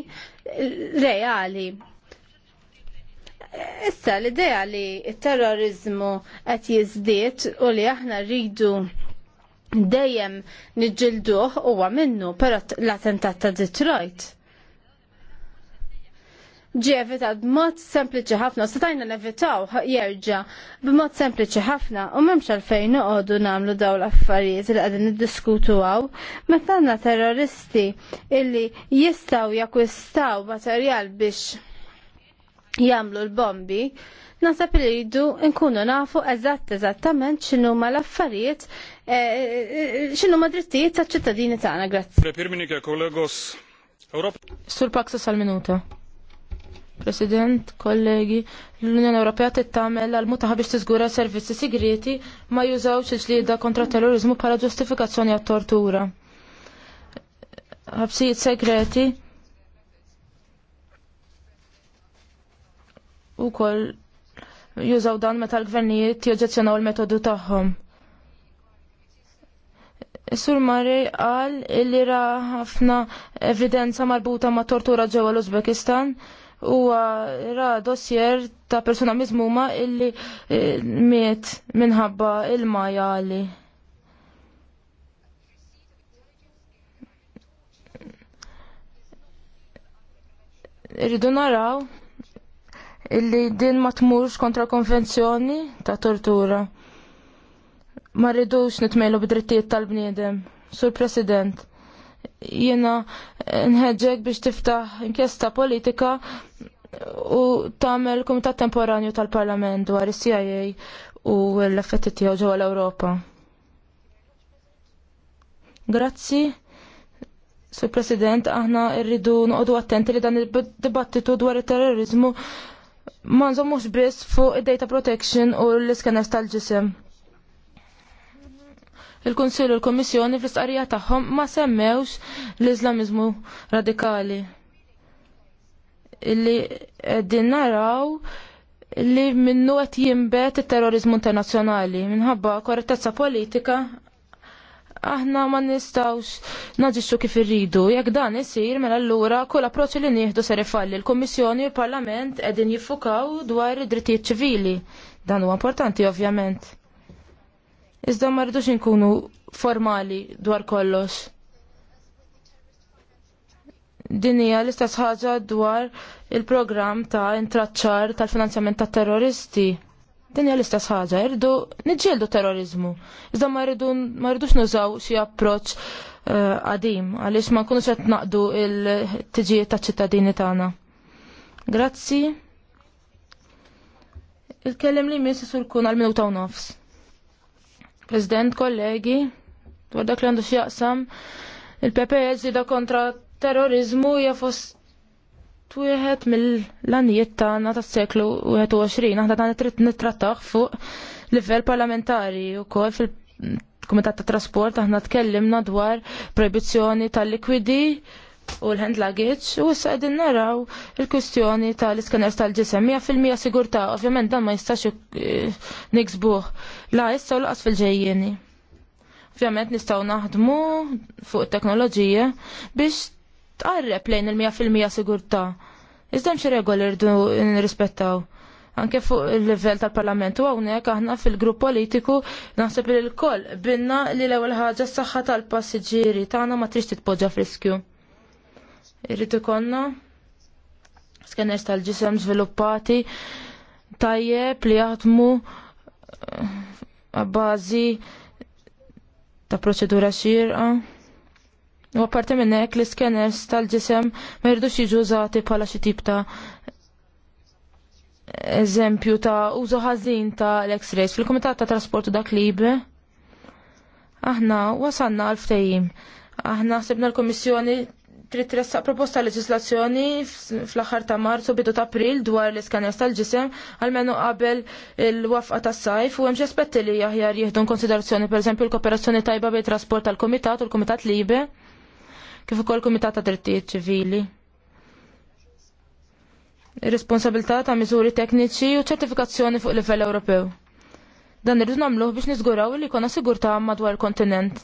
Speaker 2: reali. Issa l-idea li il-terrorizmu qed jiżdied u li aħna rridu dejjem niġġilduh huwa minnu, però l-attentat ta' Detroit ġie evitat b'mod sempliċi ħafna, setajna nevitaw jerġa b'mod sempliċi ħafna u memx għalfejn noqogħdu nagħmlu daw l-affarijiet li qegħdin niddiskutu għaw, meta għandna terroristi illi jistgħu jakkwistaw materjal biex Jamlu l-bombi, nasab li jiddu nkunu nafu eżatt eżattament xinu ma l-affarijiet eh, eh, eh, x'inhu ma drittijiet ta' ċittadini tagħna.
Speaker 1: Grazzi.
Speaker 3: Sur Paxos għal-minuta. President, kollegi, l-Unjoni Ewropea tittamel għal mutaħa biex tiżgura servizzi segreti ma jużawx il-ġlieda kontra terrorizmu bħala ġustifikazzjoni għat-tortura. Ħabsijiet segreti u koll jużaw dan meta l-gvernijiet joġezzjonaw il-metodu tagħhom. Sur Mari qal illi ra ħafna evidenza marbuta ma' tortura ġewwa l-Uzbekistan u ra dossier ta' persuna miżmuma illi eh, miet minħabba il-maja għali. Irridu naraw illi din ma tmurx kontra konvenzjoni ta' tortura. Ma rridux nitmejlu bidrittijiet tal-bniedem. Sur President, jiena nħeġġek biex tiftaħ inkjesta politika u tagħmel kumitat temporanju tal-Parlament dwar is-CIA u l-effetti tiegħu ġewwa l-Ewropa. Grazzi. Sur President, aħna rridu noqogħdu attenti li dan il-dibattitu dwar it-terrorizmu ma nżommux biss fuq id-data protection u l-iskanners tal-ġisem. Il-Kunsill u l komissjoni fl istqarija tagħhom ma semmewx l islamizmu radikali. Illi qegħdin naraw li minnu qed jinbet it-terrorizmu internazzjonali minħabba korrettezza politika aħna ma nistawx naġixxu kif irridu. Jekk dan isir mela allura kull approċċ li nieħdu ser ifalli. l kummissjoni u l-Parlament qegħdin jiffukaw dwar id-drittijiet ċivili. Dan huwa importanti ovvjament. Iżda ma rridux inkunu formali dwar kollox. Din hija l-istess ħaġa dwar il-programm ta' intraċċar tal-finanzjament tat terroristi Din hija l-istess ħaġa, irdu terrorizmu. Iżda ma rridux nużaw xi approċċ eh, għadim għaliex ma nkunux qed naqdu il-tiġijiet taċ-ċittadini tagħna. Grazzi. Il-kellem li mis sur kun għal-minuta u nofs. President, kollegi, dwar dak li għandu x'jaqsam, il-PPS da kontra terrorizmu hija fost Twieħed mill-lanijiet tagħna tas-seklu 21 aħna tagħna trid nittrattaħ fuq livell parlamentari wkoll fil-Kumitat ta' Trasport aħna tkellimna dwar proibizzjoni tal-likwidi u l-hand luggage u issa qegħdin naraw il-kwistjoni tal-iskaners tal-ġisem mija fil-mija sigurtà, ovvjament dan ma jistax eh, niksbuh la issa u laqas fil-ġejjieni. Ovvjament nistgħu naħdmu fuq it teknoloġija biex tqarreb lejn il-100% sigurtà. Iżda hemm xi regoli rridu nirrispettaw. Anke fuq il-livell tal-Parlament u hawnhekk aħna fil-grupp politiku naħseb il koll binna li l-ewwel ħaġa s-saħħa tal-passiġġieri tagħna ma tridx titpoġġa friskju. Irrid ikollna skanners tal-ġisem żviluppati tajjeb li jaħdmu eh, għabbażi ta' proċedura xirqa U apparti minn hekk l-scanners tal-ġisem ma jirdux jiġu użati bħala xi tip ta' eżempju ta' użu ħażin ta' l-X-rays fil-Kumitat ta' Trasportu dak libe. Aħna wasanna għal ftehim. Aħna ħsibna l-Kummissjoni trid tressaq proposta leġislazzjoni fl-aħħar ta' Marzu bidu ta' April dwar l-iskaners tal-ġisem għalmenu qabel il-wafqa tas sajf u hemm xi aspetti li aħjar jieħdu konsiderazzjoni pereżempju l-kooperazzjoni tajba bejn trasport tal-Kumitat u l-Kumitat Libe kif ukoll Kumitat ta' Drittijiet Ċivili. Ir-responsabilità ta' miżuri tekniċi u ċertifikazzjoni fuq livell Ewropew. Dan irridu nagħmluh biex niżguraw li jkollna sigurtà madwar il-kontinent.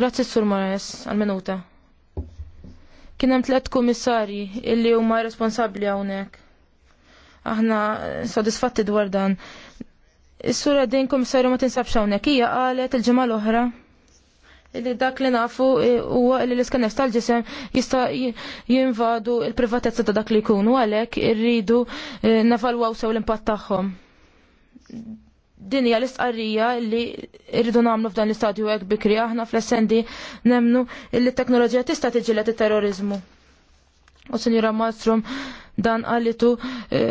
Speaker 3: Grazzi Sur Moraes għal-minuta. Kien hemm tliet kummissarji illi huma responsabbli hawnhekk. Aħna sodisfatti dwar dan. Is-sura din kummissarju ma tinsabx hawnhekk hija qalet il-ġimgħa l-oħra li dak li nafu huwa e, li l-iskanef tal-ġisem jista' jinvadu il-privatezza ta' dak li jkunu għalhekk irridu e, nevalwaw sew l-impatt tagħhom. Din hija l-istqarrija li rridu nagħmlu f'dan l-istadju hekk bikri aħna fl-essendi nemnu li t-teknoloġija tista' tiġilet it-terrorizmu. U Sinjura Malmström dan qalitu e,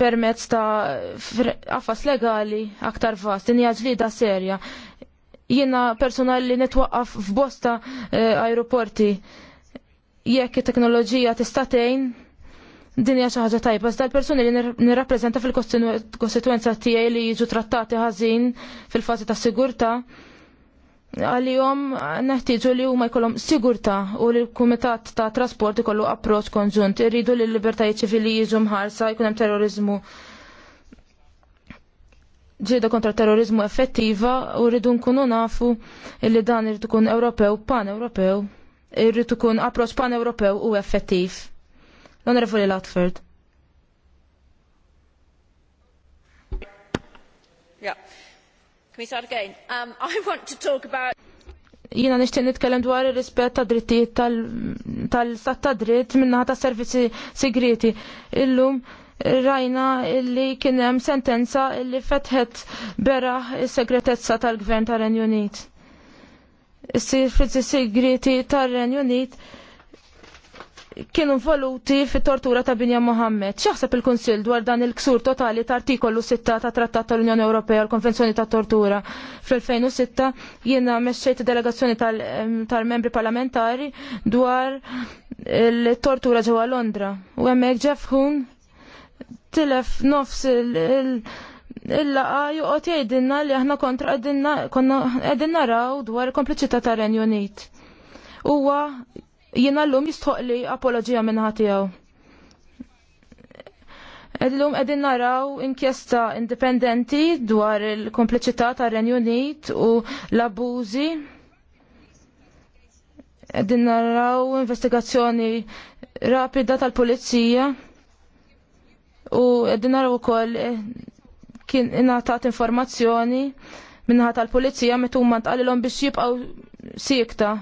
Speaker 3: permezz ta' affas legali aktar vast, din hija ġlida serja Jiena personali netwaqqaf f'bosta eh, aeroporti jekk it-teknoloġija tista' tgħin din hija xi ħaġa tajba, iżda l-persuni li nirrappreżenta fil-kostituenza tiegħi li jiġu trattati ħażin fil-fażi ta' sigurtà għalihom neħtieġu li huma jkollhom sigurtà u li l-Kumitat ta' Trasport ikollu approċċ konġunt, irridu li l-libertajiet ċivili jiġu mħarsa, jkun hemm terrorizmu ġieda kontra terrorizmu effettiva u rridu nkunu nafu li dan irrid ikun Ewropew pan-Ewropew, irrid ikun approċ pan-Ewropew u effettiv. L-Onorevoli Latford.
Speaker 2: Um,
Speaker 3: jina nishtiq nitkellem dwar ir-rispett ta' drittijiet tal-stat ta' dritt minnaħa ta' servizzi segreti. Illum rajna illi kienem sentenza illi fetħet bera il-segretezza tal-gvern tal-Renju Unit. Is-sirfizi segreti tal-Renju Unit kienu voluti fit tortura ta' Binja Mohammed. ċaħseb il konsil dwar dan il-ksur totali ta' artikolu 6 ta' Trattat tal-Unjoni Ewropea l konvenzjoni ta' Tortura. Fl-2006 jiena mesċejt delegazzjoni tal-membri parlamentari dwar il-tortura ġewwa Londra. U hemmhekk Jeff Hoon tilef nofs il-laqa juqot jgħidinna li aħna kontra għedinna naraw dwar kompliċità ta' Renjonit. Uwa jina l-lum jistħoqli apologija minnħatijaw. Illum qegħdin naraw inkjesta indipendenti dwar il-kompliċità tar renju Unit u l-abużi. Qegħdin naraw investigazzjoni rapida tal-pulizija u dinar u koll eh, kien ingħatat informazzjoni minnaħat tal-pulizija metu ma tqalilhom biex jibqgħu sikta.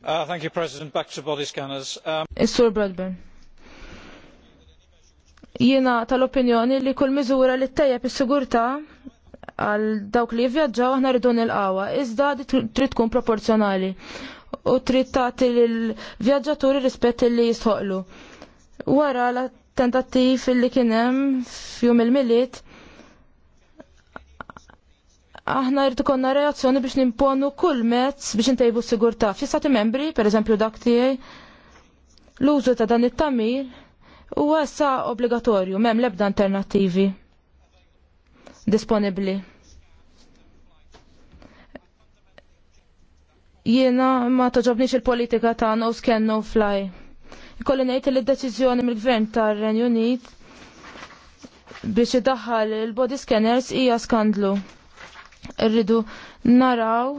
Speaker 3: Uh, thank you, President. Back to body scanners. Um, Is-Sur Bradburn. Jiena tal-opinjoni li kull miżura li t-tajja is-sigurtà għal dawk li jivvjaġġaw aħna rridu nilqawa, iżda trid tkun proporzjonali u trid tagħti lill-vjaġġaturi rispett li jistħoqlu. Wara la tentattiv li kien hemm f'jum il-miliet aħna rrid ikollna reazzjoni biex nimponu kull mezz biex intejbu s-sigurtà. F'xi membri, membri, pereżempju dak tiegħi, l-użu ta' dan it-tamir huwa sa obbligatorju m'hemm l-ebda alternattivi disponibbli. Jiena ma toġobniex il-politika ta' no scan no fly. Ikolli ngħid li d-deċiżjoni mill-Gvern tar-Renju Unit biex idaħħal il-body scanners hija skandlu. Irridu naraw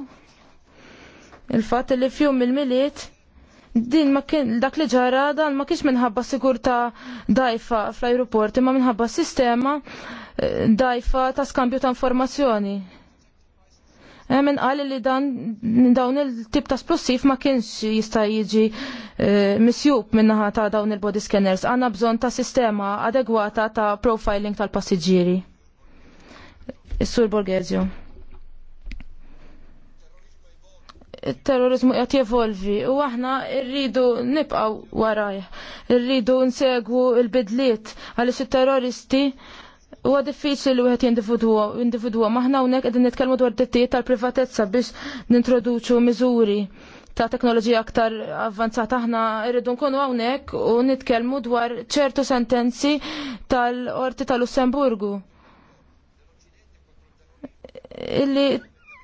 Speaker 3: il-fatt li fjum il-miliet din ma kien dak li ġara dan ma kienx minħabba sigurta dajfa fl-ajruport imma minħabba sistema dajfa ta' skambju ta' informazzjoni. Hemm qal li dan dawn il-tip ta' splussif ma kienx jista' jiġi e, misjub minnaħa ta' dawn il-body scanners. Għandna bżonn ta' sistema adegwata ta' profiling tal-passiġġieri. Is-Sur Borgesio. il-terrorizmu qed jevolvi u aħna rridu nibqgħu warajh, rridu nsegwu l-bidliet għaliex it-terroristi Huwa diffiċli li wieħed jindividwa maħna hawnhekk qegħdin nitkellmu dwar dettijiet tal-privatezza biex nintroduċu miżuri ta' teknoloġija aktar avvanzata aħna irridu nkunu hawnhekk u nitkellmu dwar ċertu sentenzi tal-Qorti tal-Lussemburgu. Illi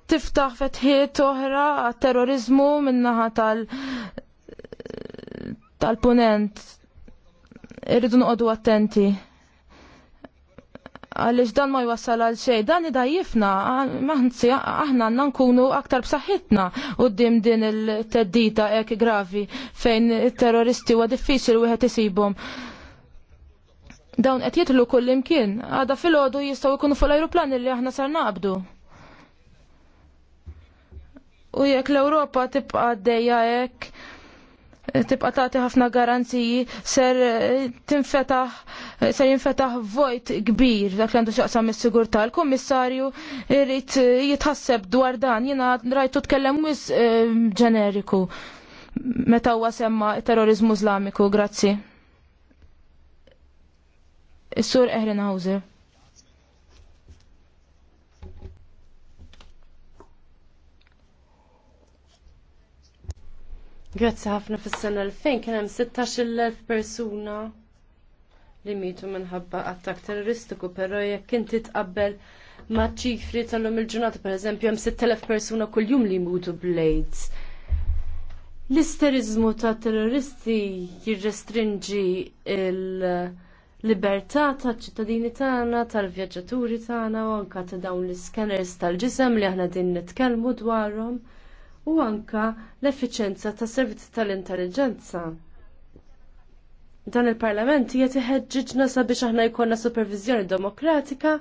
Speaker 3: tiftaħ fetħiet oħra għat-terrorizmu minnaħa tal- tal-punent. Irridu noqogħdu attenti għalix dan ma jwassal għal xej, dan idajjifna, maħnzi, aħna għanna nkunu aktar b'saħħitna u dim din il-teddita ek gravi fejn terroristi u diffiċil u għet isibom. Dawn qed jitlu kull imkien, għada fil-ħodu jistaw ikunu fuq l-ajruplan li aħna sar naqbdu. U jekk l-Ewropa tibqa' għaddejja hekk tibqa tagħti ħafna garanziji ser eh, tinfetaħ eh, ser jinfetaħ vojt kbir dak li għandu xaqsam mis-sigurtà. Il-Kummissarju jrid eh, jitħasseb dwar dan jiena rajtu tkellem wis ġeneriku meta huwa semma terrorizmu Islamiku, grazzi. Is-sur Ehrenhauser. Grazzi
Speaker 4: ħafna fis-sena fejn kien hemm 16,000 persuna li mitu minħabba attak terroristiku, però jekk inti tqabbel ma' ċifri tal-lum il-ġurnata, pereżempju hemm 6,000 persuna kuljum li jmutu blades. L-isterizmu ta' terroristi jirrestringi il-libertà ta' ċittadini tagħna, tal-vjaġġaturi tagħna u anke ta' dawn l-scanners tal-ġisem li aħna din nitkellmu dwarhom u anka l-effiċenza tas servizzi tal-intelligenza. Dan il-Parlament jiet iħeġġiġna sabiex aħna jkollna supervizjoni demokratika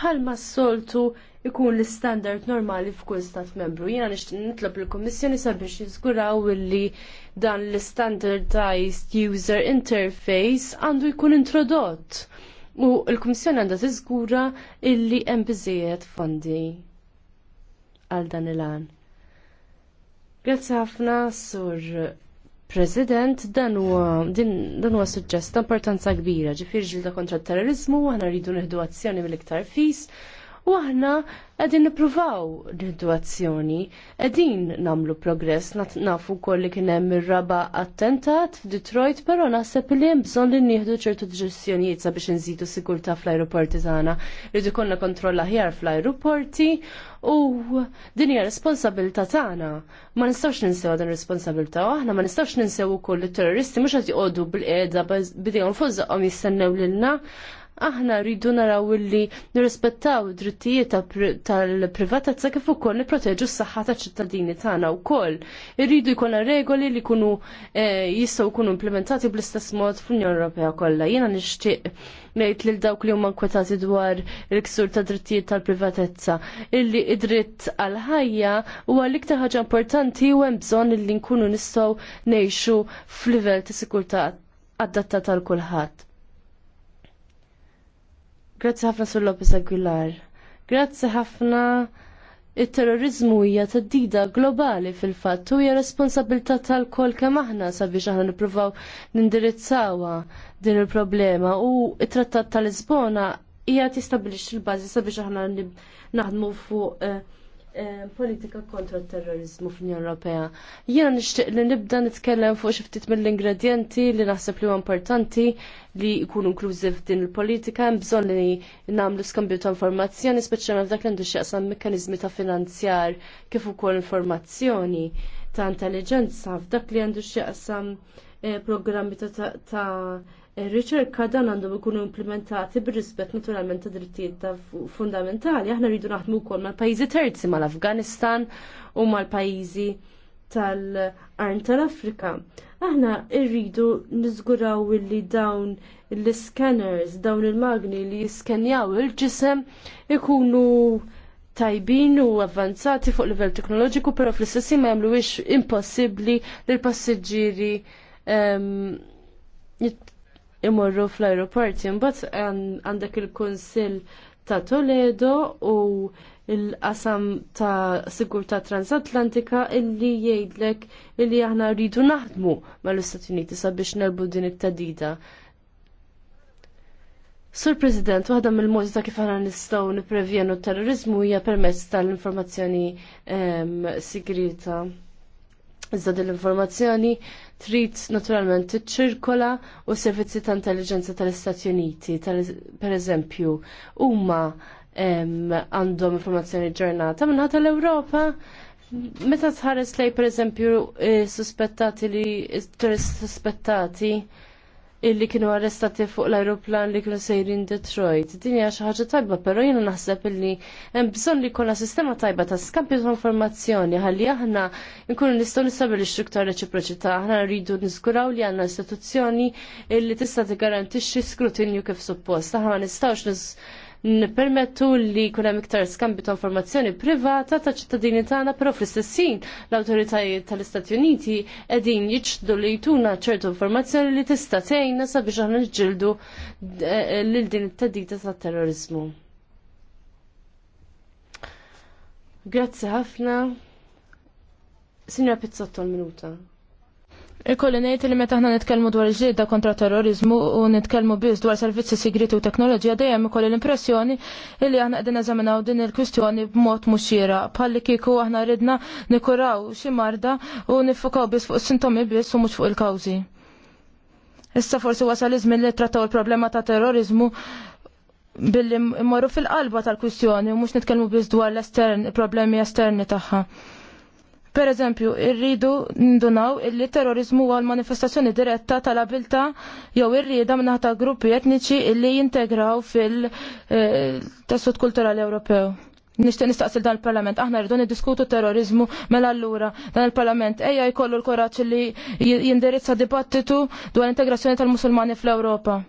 Speaker 4: bħalma s-soltu ikun l-standard normali f'kull stat membru. Jena nitlob l-Komissjoni sabiex jiżguraw li dan l-standardized user interface għandu jkun introdott. U l-Komissjoni għandha tiżgura illi hemm biżejjed fondi għal dan il-għan. Grazzi ħafna sur President dan huwa suġġest ta' importanza kbira ġifir ġilda kontra t terrorizmu aħna rridu neħdu azzjoni mill-iktar fis u aħna qegħdin nippruvaw nieħdu situazzjoni qegħdin nagħmlu progress, nafu wkoll li kien hemm ir-raba attentat f'Detroit, però naħseb li hemm bżonn li njihdu ċertu deċiżjonijiet sabiex nżidu sigurtà fl-ajruporti tagħna. Rridu jkollna kontrolla aħjar fl-ajruporti u din hija responsabilta tagħna. Ma nistax ninsew din responsabilità aħna ma nistax ninsew ukoll it-terroristi mhux qed joqogħdu bil-qiegħda bidejhom fuq żaqhom jistennew lilna aħna rridu naraw illi nirrispettaw id-drittijiet tal-privatezza kif ukoll nipproteġu s-saħħa taċ-ċittadini tagħna wkoll. Irridu jkollna regoli li jkunu eh, jistgħu jkunu implementati bl-istess mod fl-Unjoni Ewropea kollha. Jiena nixtieq ngħid lil dawk li huma nkwetati dwar il-ksur ta' drittijiet tal-privatezza illi id-dritt għal ħajja huwa l-iktar ħaġa importanti u hemm bżonn illi nkunu nistgħu ngħixu f'livell ta' sikurtà adatta tal kulħadd. Grazzi ħafna Sur Lopez Aguilar. Grazzi ħafna il-terrorizmu hija teddida globali fil-fatt u hija responsabilità tal-kol kemm aħna sabiex aħna nippruvaw nindirizzawha din il-problema u t trattat tal-Lisbona hija tistabilix il-bażi sabiex aħna naħdmu fuq eh, Eh, politika kontra terrorizmu fl-Unjoni Ewropea. Jiena nixtieq li nibda nitkellem fuq xi ftit mill-ingredjenti li naħseb li huwa importanti li jkunu inklużi f'din il-politika hemm bżonn li nagħmlu skambju ta' informazzjoni speċjalment dak li għandu x'jaqsam mekkaniżmi ta' finanzjar kif ukoll informazzjoni ta' intelligenza f'dak li għandu x'jaqsam eh, programmi ta' ir-riċerka dan għandhom ikunu implementati bir-rispett naturalment ta' drittijiet ta' fundamentali. Aħna rridu naħdmu wkoll mal-pajjiżi terzi mal-Afganistan u mal-pajjiżi tal-Arn tal-Afrika. Aħna rridu niżguraw li dawn l-scanners, dawn il-magni li jiskenjaw il-ġisem ikunu tajbin u avvanzati fuq livell teknoloġiku, però fl-istess ma jagħmluwiex impossibbli li l-passiġġieri ehm, imorru fl-aeroporti. imbagħad għandek il-Kunsill ta' Toledo u il-qasam ta' sigurtà transatlantika illi jgħidlek illi aħna rridu naħdmu mal-Istati Uniti sabiex nelbu din it-tadida. Sur President, waħda mill-modi ta' kif aħna nistgħu nipprevjenu terrorizmu hija permezz tal-informazzjoni ehm, sigrita. Iżda din l-informazzjoni trid naturalment tiċċirkola u s servizzi ta' intelligenza tal-Istati Uniti, per eżempju, huma għandhom informazzjoni ġurnata minna tal-Ewropa meta tħares lej per eżempju eh, suspettati li eh, terrorist suspettati illi kienu arrestati fuq l-aeroplan li kienu sejrin Detroit. Din hija xi ħaġa tajba, però jiena naħseb illi hemm bżonn li jkollna sistema tajba ta' skambju ta' informazzjoni ħalli aħna nkunu nistgħu nistabilixxu iktar reċiproċità. Aħna rridu niżguraw li għandna istituzzjoni illi tista' tigarantixxi skrutinju kif suppost. Aħna ma nistgħux nippermettu li jkun hemm iktar skambju ta' informazzjoni privata ta' ċittadini tagħna, però fl-istessin l-awtoritajiet tal-Istati Uniti qegħdin jiċdu li jtuna ċertu informazzjoni li tista' tgħinna sabiex aħna niġġieldu eh, eh, lil din it-tedita tat-terrorizmu. Grazzi ħafna. Signora Pizzotto l-minuta.
Speaker 3: Ikolli ngħid li meta aħna nitkellmu dwar il-ġlieda kontra terrorizmu u nitkellmu biss dwar servizzi segreti u teknoloġija dejjem ikolli l-impressjoni li aħna qegħdin eżaminaw din il-kwistjoni b'mod mhux xieraq. Palli kieku aħna ridna nikuraw xi marda u nifukaw biss fuq sintomi biss u mhux fuq il-kawżi. Issa forsi wasal żmien li trattaw il-problema ta' terrorizmu billi mmorru fil-qalba tal-kwistjoni u mhux nitkellmu biss dwar l-estern, problemi esterni tagħha. Per eżempju, irridu ndunaw illi terrorizmu huwa l-manifestazzjoni diretta tal-abilta jew irrieda minnaħ ta' gruppi etniċi illi jintegraw fil-tessut eh, kulturali Ewropew. Nishtiq nistaqsil dan il-Parlament, aħna rridu niddiskutu terrorizmu mela allura dan il-Parlament ejja jkollu l-koraġġ li jindirizza dibattitu dwar l-integrazzjoni tal-Musulmani fl-Ewropa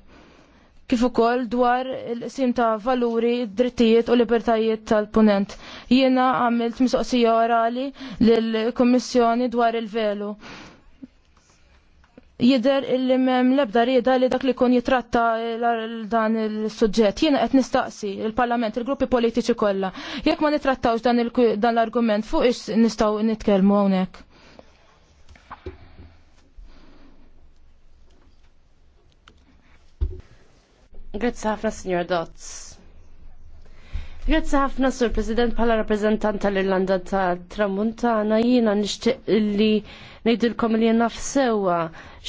Speaker 3: kif ukoll dwar il-qsim ta' valuri, drittijiet u libertajiet tal-punent. Jiena għamilt mistoqsija orali lill-Kummissjoni dwar il-velu. Jider illi mem lebda rieda li dak li kun jitratta dan il-sujġet. Jiena qed nistaqsi il-Parlament, il-gruppi politiċi kollha. Jekk ma nitrattawx dan l-argument fuq ix nistgħu nitkellmu hawnhekk.
Speaker 4: Grazzi ħafna, Signor Dotz. Grazzi ħafna, Sur President, pala rappresentant tal-Irlanda ta' Tramuntana, jina nishtiq li nejdilkom li jenna f'sewa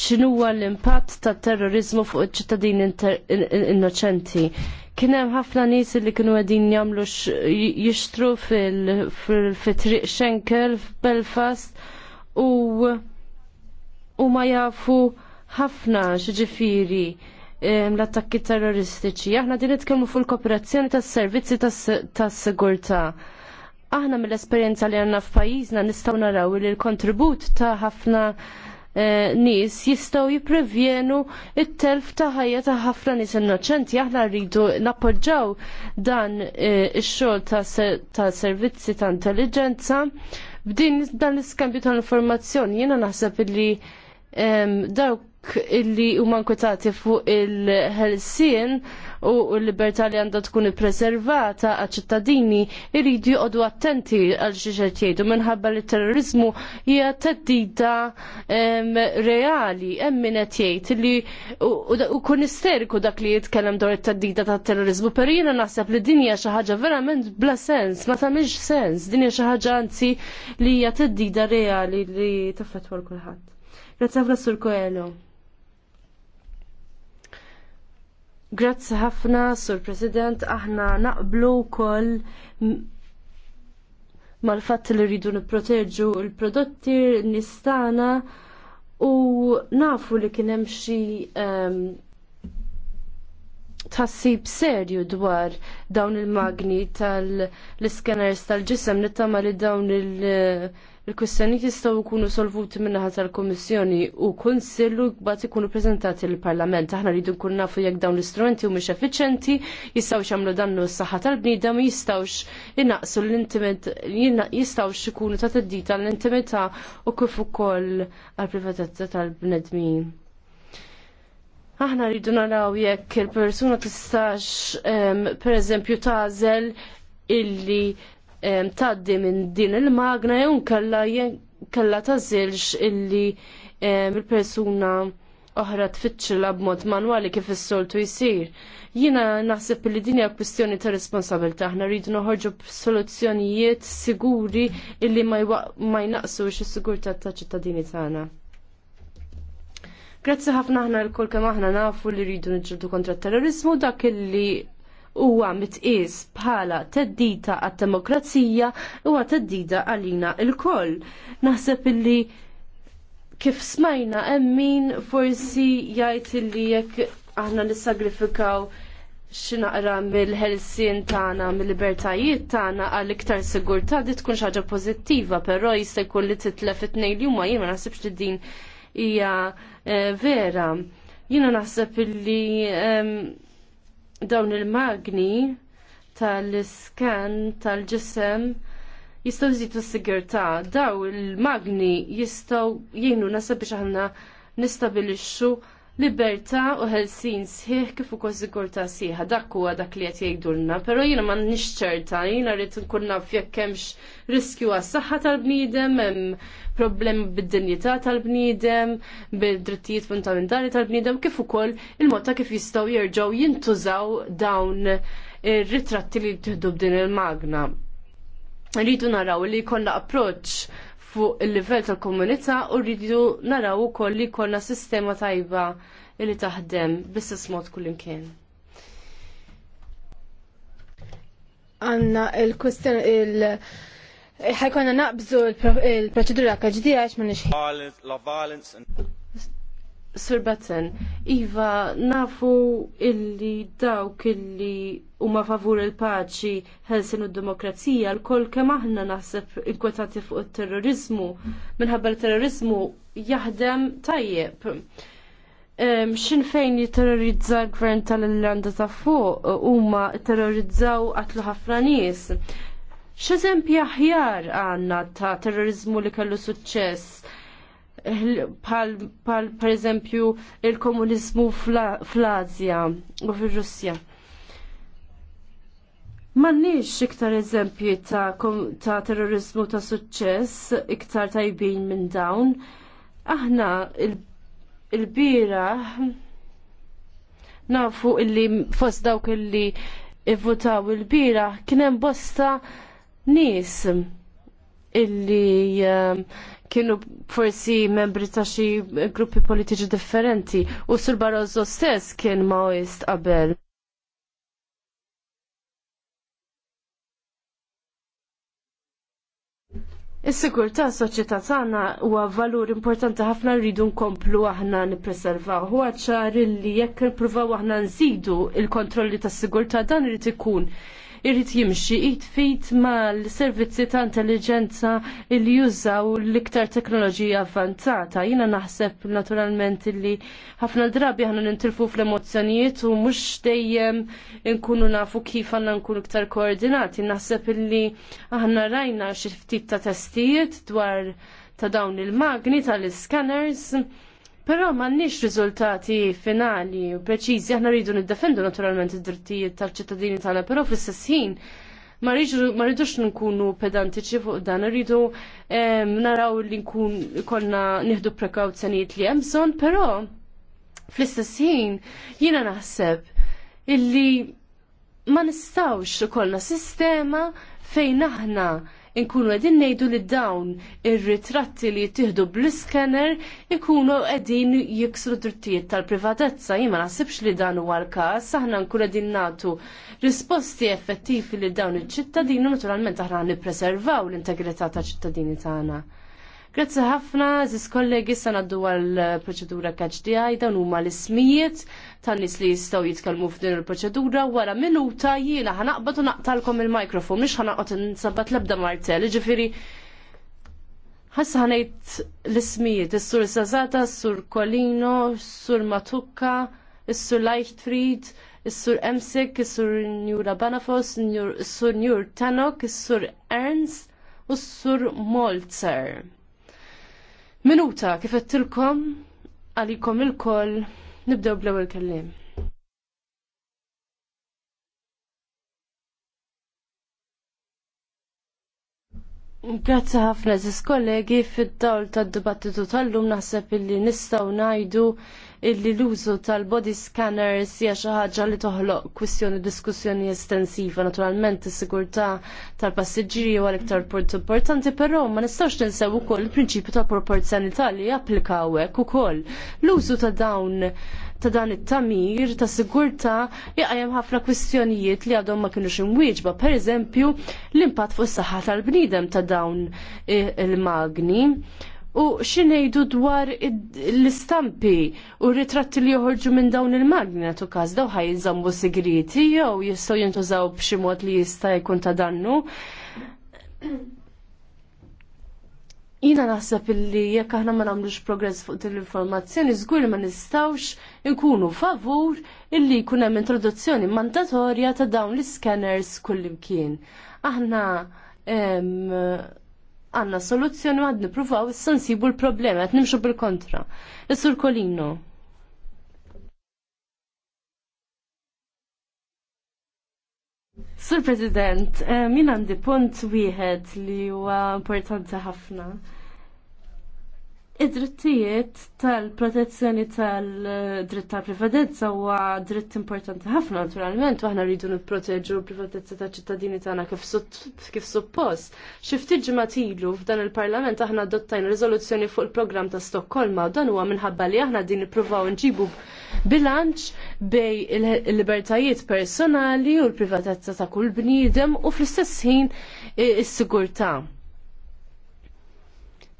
Speaker 4: xinuwa l-impatt ta' terrorizmu fuq iċ-ċittadini innoċenti. Kien hemm ħafna nies li kienu qegħdin jagħmlu jixtru fil-fitriq Schenkel f'Belfast u ma jafu ħafna xġifiri l-attakki terroristiċi. Aħna din nitkellmu fuq il-kooperazzjoni tas-servizzi tas-sigurtà. Aħna mill-esperjenza li għandna f'pajjiżna nistgħu naraw li l-kontribut ta' ħafna eh, nies jistgħu jipprevjenu it-telf ta' ħajja ta' ħafna nies innoċenti. Aħna rridu nappoġġaw dan eh, ix-xogħol ta' servizzi ta' intelligenza b'din dan l-iskambju tal informazzjoni. Jiena naħseb li dawk dawk illi huma nkwetati fuq il-ħelsien u l-libertà li għandha tkun ippreservata għaċ ċittadini jridu joqogħdu attenti għal xi xejn jgħidu minħabba li t terrorizmu hija teddida reali hemm min qed jgħid li ukun kun isteriku dak li jitkellem dwar it-teddida tat-terrorizmu, per jiena naħseb li din hija xi ħaġa verament bla sens, ma tagħmilx sens, din hija xi ħaġa anzi li hija teddida reali li taffettwa l kulħadd. Grazie a Sur Coelho. Grazzi ħafna, Sur President, aħna naqblu kol mal-fatt li rridu nipproteġu l prodotti nistana u nafu li kien hemm xi um, tħassib serju dwar dawn il-magni tal tal-l-iskanners tal-ġisem nittama li dawn il- il kwistjoni jistgħu jkunu solvuti min-naħa tal-Kummissjoni u Kunsillu jkbad ikunu preżentati lill-Parlament. Aħna rridu nkun nafu jekk dawn l-istrumenti mhumiex effiċenti, jistgħux jagħmlu dannu s-saħħa tal-bniedem, jistgħux inaqsu l intimit jistgħux ikunu ta' teddita l-intimità u kif ukoll għall-privatezza tal-bnedmin. Aħna rridu naraw jekk il-persuna tistax, ehm, per eżempju, tażel illi taddi minn din il-magna jew kalla kalla tażilx illi il-persuna oħra tfittxilha b'mod manwali kif is-soltu jsir. Jiena naħseb li din hija kwistjoni ta' responsabilità aħna rridu noħorġu b'soluzzjonijiet siguri illi ma jnaqsux is-sigurtà taċ ċittadini tagħna. Grazzi ħafna aħna l-kol kemm aħna nafu li rridu niġġeldu kontra t terrorizmu dak illi huwa mitqies bħala teddita għad-demokrazija huwa teddida għalina il-koll. Naħseb illi kif smajna emmin forsi jgħid illi jekk aħna nissagrifikaw xinaqra mill-ħelsien tagħna, mill-libertajiet tagħna għal iktar sigurtà di tkun xi ħaġa pożittiva, però jista' jkun li titlef it-tnejn li huma jien ma naħsibx li din hija eh, vera. Jiena naħseb illi ehm, dawn il-magni tal-skan tal-ġisem jistgħu jżidu s-sigurtà. Daw il-magni jistgħu jgħinu nasab biex aħna nistabilixxu libertà u ħelsin sħiħ kif ukoll sigurtà sħiħa. Dak huwa dak li qed jgħidulna, però jiena ma nix ċerta, jiena rrid nkun naf jekk hemmx riskju għas-saħħa tal-bniedem, hemm problemi bid-dinjità tal-bniedem, bid-drittijiet fundamentali tal-bniedem, kif ukoll il-mod ta' kif jistgħu jerġgħu jintużaw dawn ir-ritratti li tieħdu b'din il-magna. Rridu naraw li jkollna approċċ fuq il-livell tal-komunità u rridu naraw ukoll li jkollna sistema tajba li taħdem b'istess mod kullimkien.
Speaker 2: Għanna il-kustin il- ħajkonna naqbżu il-proċedura kħġdija għax ma
Speaker 1: nixħi.
Speaker 4: Sir Batten, Iva, nafu illi dawk illi huma favur il-paċi, ħelsin u d-demokrazija, l-koll kemm aħna naħseb inkwetati fuq it-terrorizmu, minħabba l-terrorizmu jaħdem tajjeb. Xin fejn jiterrorizza l-gvern tal-Irlanda ta' fuq huma terrorizzaw għatlu ħafna nies. X'eżempji aħjar għandna ta' terrorizmu li kellu suċċess? pal per eżempju il-komunizmu fl-Azja u fil-Russja. Mannix iktar eżempji ta', ta terrorizmu ta' suċċess iktar tajbin minn dawn. Aħna il-bira nafu illi fost dawk illi ivvutaw il-bira kienem bosta nis illi kienu forsi membri ta' xi gruppi politiċi differenti u Sur Barroso stess kien Maoist qabel. Is-sigurtà soċjetà tagħna huwa valur importanti ħafna rridu nkomplu aħna nippreservaw. Huwa ċar li jekk nippruvaw aħna nżidu l-kontrolli tas-sigurtà dan irid ikun irrid jimxi ma mal servizzi ta' intelligenza li jużaw l-iktar teknoloġija avvantata. Jiena naħseb naturalment li ħafna drabi ħana nintilfu fl-emozzjonijiet u mhux dejjem nkunu nafu kif għandna nkunu iktar koordinati. Naħseb illi aħna rajna xi ftit ta' testijiet dwar ta' dawn il-magni tal-scanners. Però m'għandniex rizultati finali u preċiżi aħna rridu niddefendu naturalment id-drittijiet tal-ċittadini tagħna, però fl-istess ħin ma rridux nkunu pedantiċi fuq dan, rridu naraw li nkun konna nieħdu prekawzjonijiet li hemm bżonn, però fl-istess ħin jiena naħseb illi ma nistawx ukoll sistema fejn aħna inkunu qegħdin ngħidu li dawn ir-ritratti li jittihdu bl-iskanner ikunu qegħdin jiksru drittijiet tal-privatezza. Jima nasibx naħsibx li dan huwa l-każ, aħna nkunu qegħdin nagħtu risposti effettivi li dawn iċ-ċittadini naturalment aħna nipreservaw l-integrità ta' ċittadini tagħna. Grazzi ħafna, ziz kollegi sa naddu għal-proċedura kaġdijaj, dan huma l-ismijiet tan-nis li jistaw jitkellmu f'din il-proċedura wara minuta jiena ħanaqbad u naqtalkom il-mikrofon, mhux ħanaqgħod n l-ebda martel, ġifieri ħassa ħanejt l-ismijiet, is-sur Sazata, s sur Kolino, s sur Matukka, is-sur Leichtfried, is-sur Emsik, is-sur Njura Banafos, s sur Njur Tanok, is-sur Ernst u s-sur Molzer. Minuta kif tilkom għalikom il nibdew bl-ewwel kelliem. Grazzi ħafna ziz kollegi fid-dawl tad-dibattitu tal-lum naħseb illi nistgħu ngħidu illi l-użu tal-body scanners hija xi ħaġa li toħloq kwistjoni diskussjoni estensiva. Naturalment is-sigurtà tal-passiġġieri huwa l-iktar punt importanti, però ma nistgħux ninsew ukoll il-prinċipju ta' proporzjonalità li japplika hekk ukoll. L-użu ta' dawn ta' dan it-tamir ta' sigurtà jaqajem ħafna kwistjonijiet li għadhom ma kienux imwieġba, per eżempju l-impatt fuq is-saħħa tal-bniedem ta' dawn il-magni. U xinejdu dwar l-istampi u ritratti li joħorġu minn dawn il-magnet u kas daw ħaj jinżammu segreti jew jistgħu jintużaw b'xi mod li jista' jkun ta' dannu. Jina naħseb illi jekk aħna ma nagħmlux progress fuq din l-informazzjoni żgur ma nistgħux inkunu favur illi jkun hemm introduzzjoni mandatorja ta' dawn l-scanners kullimkien. Aħna għanna soluzzjoni għad nipruvaw issa nsibu l-problema, għad nimxu bil-kontra. Is-sur Kolino. Sur President, eh, min għandi punt wieħed li huwa importanti ħafna. Id-drittijiet tal-protezzjoni tal-dritt tal-privatezza huwa dritt importanti ħafna naturalment u aħna rridu nipproteġu l-privatezza tal-ċittadini tagħna kif suppost. Xi ftit ġimatilu f'dan il-Parlament aħna adottajna riżoluzzjoni fuq il-programm ta' Stokkolma u dan huwa minħabba li aħna din nippruvaw nġibu bilanċ bej il-libertajiet personali u l-privatezza ta' kull bniedem u fl-istess ħin is-sigurtà.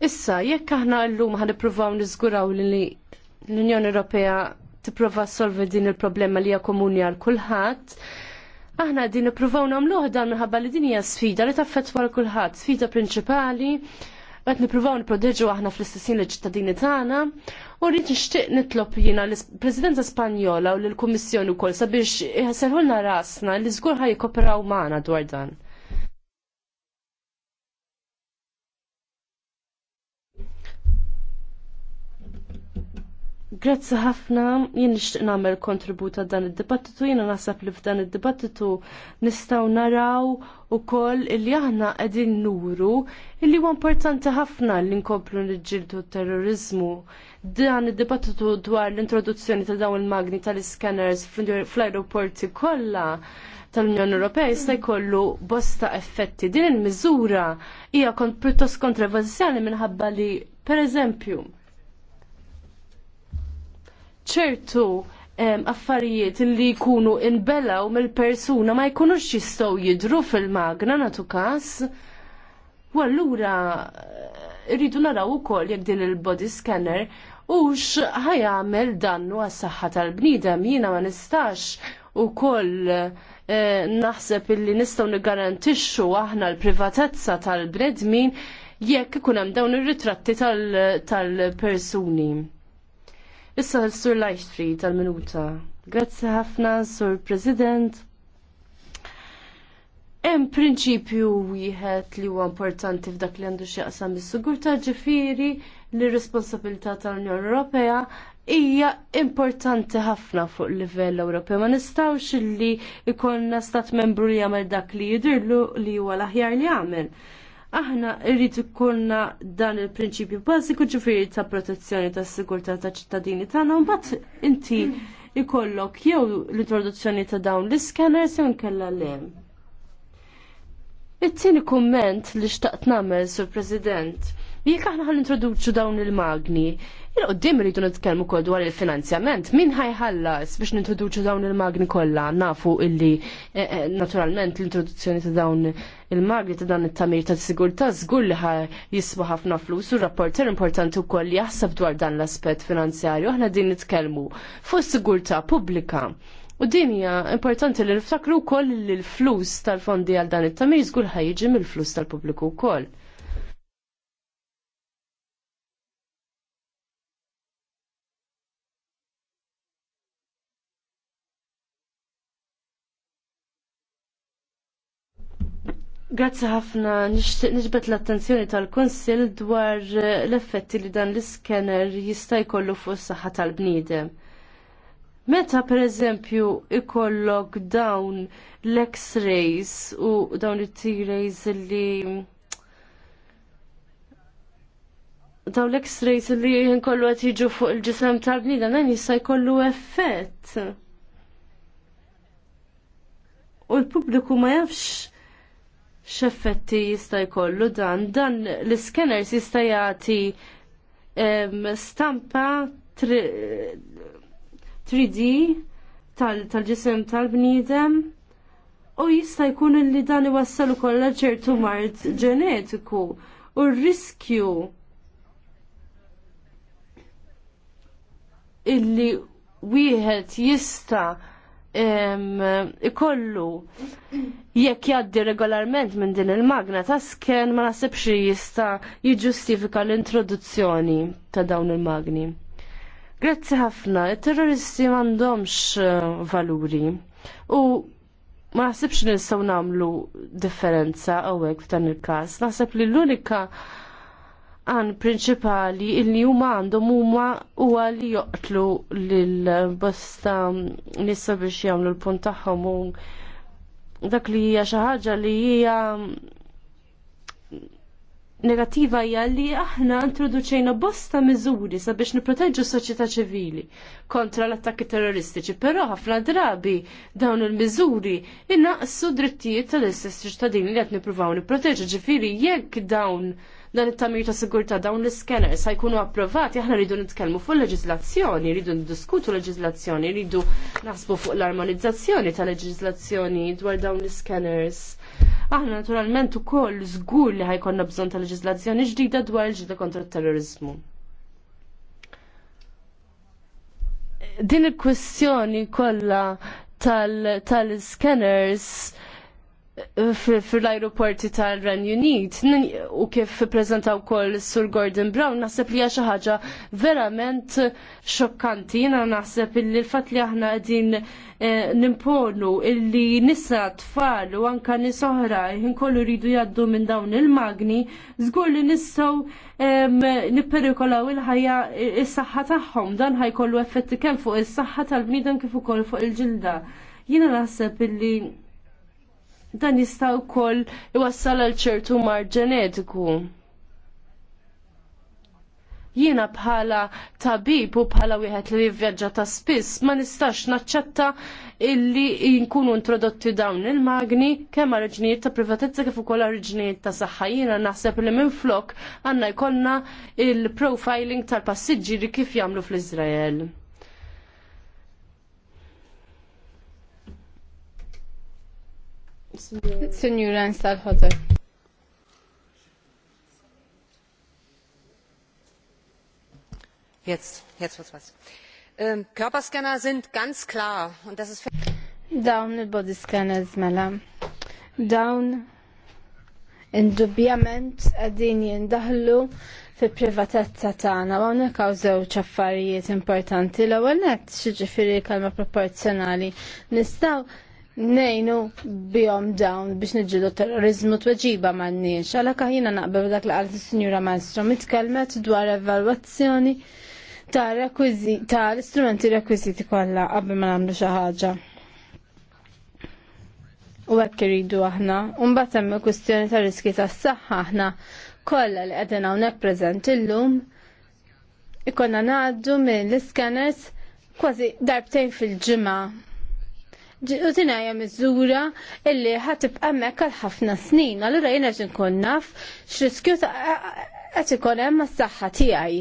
Speaker 4: Issa, jekk aħna llum ħan nippruvaw niżguraw li l-Unjoni Ewropea tipprova solvi din il-problema li hija komuni għal kulħadd, aħna din nippruvaw nagħmluh dan minħabba li din hija sfida li taffettwa għal kulħadd, sfida prinċipali għet niprivaw niprodeġu aħna fl-istessin l-ċittadini tagħna u rrid nixtieq nitlob jiena l-Presidenza Spanjola u l-Kummissjoni wkoll sabiex iħasselħulna rasna li żgur ħaj jkoperaw magħna dwar dan. Grazzi ħafna, jien nixtieq nagħmel kontribut għal dan id-dibattitu, jiena naħseb li f'dan id-dibattitu nistgħu naraw ukoll illi aħna qegħdin nuru illi huwa importanti ħafna li nkomplu niġġieldu terrorizmu. Dan id-dibattitu dwar l-introduzzjoni ta' dawn il-magni tal-iskanners fl-aeroporti kollha tal-Unjoni Ewropea jista' jkollu bosta effetti. Din il-miżura hija kont pjuttost kontroversjali minħabba li, pereżempju, ċertu affarijiet li jkunu inbelaw mill-persuna ma jkunux jistgħu jidru fil-magna natu każ. U allura eh, rridu naraw ukoll jekk din il-body scanner ux ħajamel dannu għas saħħa tal-bnidem jiena ma nistax u koll eh, naħseb illi nistgħu niggarantixxu aħna l-privatezza tal-bnedmin jekk ikun hemm dawn ir-ritratti tal-persuni. Tal Issa l-Sur Lightfree tal-minuta. Grazzi ħafna, Sur President. Hemm prinċipju wieħed li huwa importanti f'dak li għandu x'jaqsam bis-sigurtà ġifieri li r-responsabilità tal-Unjoni Ewropea hija importanti ħafna fuq livell Ewropew. Ma nistgħux li jkollna stat membru jagħmel dak li jidhirlu li huwa l-aħjar li jagħmel aħna rrid ikkunna dan il-prinċipju bażiku ġifieri ta' protezzjoni tas sigurtà ta' ċittadini tagħna mbagħad inti ikollok jew l-introduzzjoni ta' dawn l-iskanners jew nkella l-hemm. It-tieni kumment li xtaqt nagħmel sur President jek aħna ħan introduċu dawn il-magni, il-qoddim rridu nitkellmu kol dwar il-finanzjament, min ħajħallas biex nintroduċu dawn il-magni kollha nafu illi eh, eh, naturalment l-introduzzjoni ta' dawn il-magni ta' dan it-tamir ta' sigurtà żgur li jiswa ħafna flus u rapporter importanti wkoll li jaħseb dwar dan l-aspett finanzjarju aħna din nitkellmu fuq sigurtà pubblika. U din hija importanti li niftakru wkoll li l-flus tal-fondi għal dan it-tamir żgur ħajġi mill-flus tal-pubbliku wkoll. Grazzi ħafna, nixtieq niġbed l-attenzjoni tal-Konsil dwar eh, l-effetti li dan l-iskener jista' jkollu fuq is-saħħa tal-bniedem. Meta pereżempju ikollok dawn l-X-rays u dawn it rays li dawn l-X-rays li jinkollu qed jiġu fuq il-ġisem tal-bniedem dan jista' jkollu effett. U l-pubbliku ma jafx x'effetti jista' jkollu dan, dan l-scanners jista' jagħti stampa 3D tal-ġisem tal-bniedem u jista' jkun li dan iwassal ukoll ċertu mard ġenetiku u r-riskju illi wieħed jista' ikollu jekk jaddi regolarment minn din il-magna ta' sken ma nasibx jista' jiġġustifika l-introduzzjoni ta' dawn il-magni. Grazzi ħafna, il-terroristi m'għandhomx eh, valuri u ma nasibx nistgħu nagħmlu differenza hawnhekk f'dan il-każ. Naħseb li l-unika għan prinċipali li huma għandhom huma huwa li joqtlu lil bosta nissa biex jagħmlu l-punt tagħhom dak li hija xi ħaġa li hija negattiva hija li aħna introduċejna bosta miżuri sabiex niproteġġu s-soċjetà ċivili kontra l-attakki terroristiċi, però ħafna drabi dawn il-miżuri innaqsu drittijiet tal-istess ċittadini li qed nippruvaw nipproteġu ġifieri jekk dawn dan it-tamir ta' sigurtà dawn l-scanner sa jkunu approvati aħna rridu nitkellmu fuq leġiżlazzjoni, rridu ndiskutu leġiżlazzjoni, rridu naħsbu fuq l-armonizzazzjoni ta' leġiżlazzjoni dwar dawn l-scanners Aħna naturalment ukoll żgur li ħajkonna bżonn ta' leġiżlazzjoni ġdida dwar il-ġdida kontra t-terrorizmu. Din il-kwestjoni kollha tal-scanners tal scanners tal fil-aeroporti tal-Renju Unit u kif prezentaw kol Sur Gordon Brown naħseb li xi ħaġa verament xokkanti jiena naħseb illi l-fatt li aħna qegħdin eh, nimponu illi nisa tfal u anka nis oħra kollu rridu jgħaddu minn dawn il-magni Zgur li nistgħu nipperikolaw il-ħajja is-saħħa tagħhom dan ħajkollu effetti kemm fuq is-saħħa tal bnidan kif ukoll fuq il-ġilda. Jiena naħseb illi dan jista' wkoll iwassal għal ċertu mar ġenetiku. Jiena bħala tabib u bħala wieħed li jivvjaġġa ta' spiss ma nistax naċċetta illi jinkunu introdotti dawn il-magni kemm għal-reġnijiet ta' privatezza kif ukoll għal-reġnijiet ta' saħħa. Jiena naħseb li minn flok għandna jkollna il-profiling tal-passiġġieri kif jagħmlu fl-Iżrael.
Speaker 2: Signora Ansal Hodor. Jetzt, jetzt was was. Ähm, Körperscanner sind ganz klar und das ist Down the body scanners mela. Dawn indubjament għadin jindaħlu fi privatezza tagħna u hawnhekk hawn żewġ affarijiet importanti. L-ewwel nett xiġifieri kalma proporzjonali. Nistgħu nejnu bihom dawn biex nġidu terrorizmu tweġiba mannix. Għala kaħjina naqbel dak li għalti Sinjura maestro itkelmet dwar evalwazzjoni ta' l-istrumenti rekwiziti kollha qabel ma nagħmlu xi ħaġa. U hekk iridu aħna, u mbagħad hemm kwistjoni ta' riski tas-saħħa aħna kollha li qegħdin hawnhekk preżent illum ikonna ngħaddu minn l-iskanners kważi darbtejn fil-ġimgħa U dinajja miżura illi ħatib hemmhekk għal ħafna snin, allura jiena ġin nkun naf x'riskju qed ikun hemm mas-saħħa tiegħi.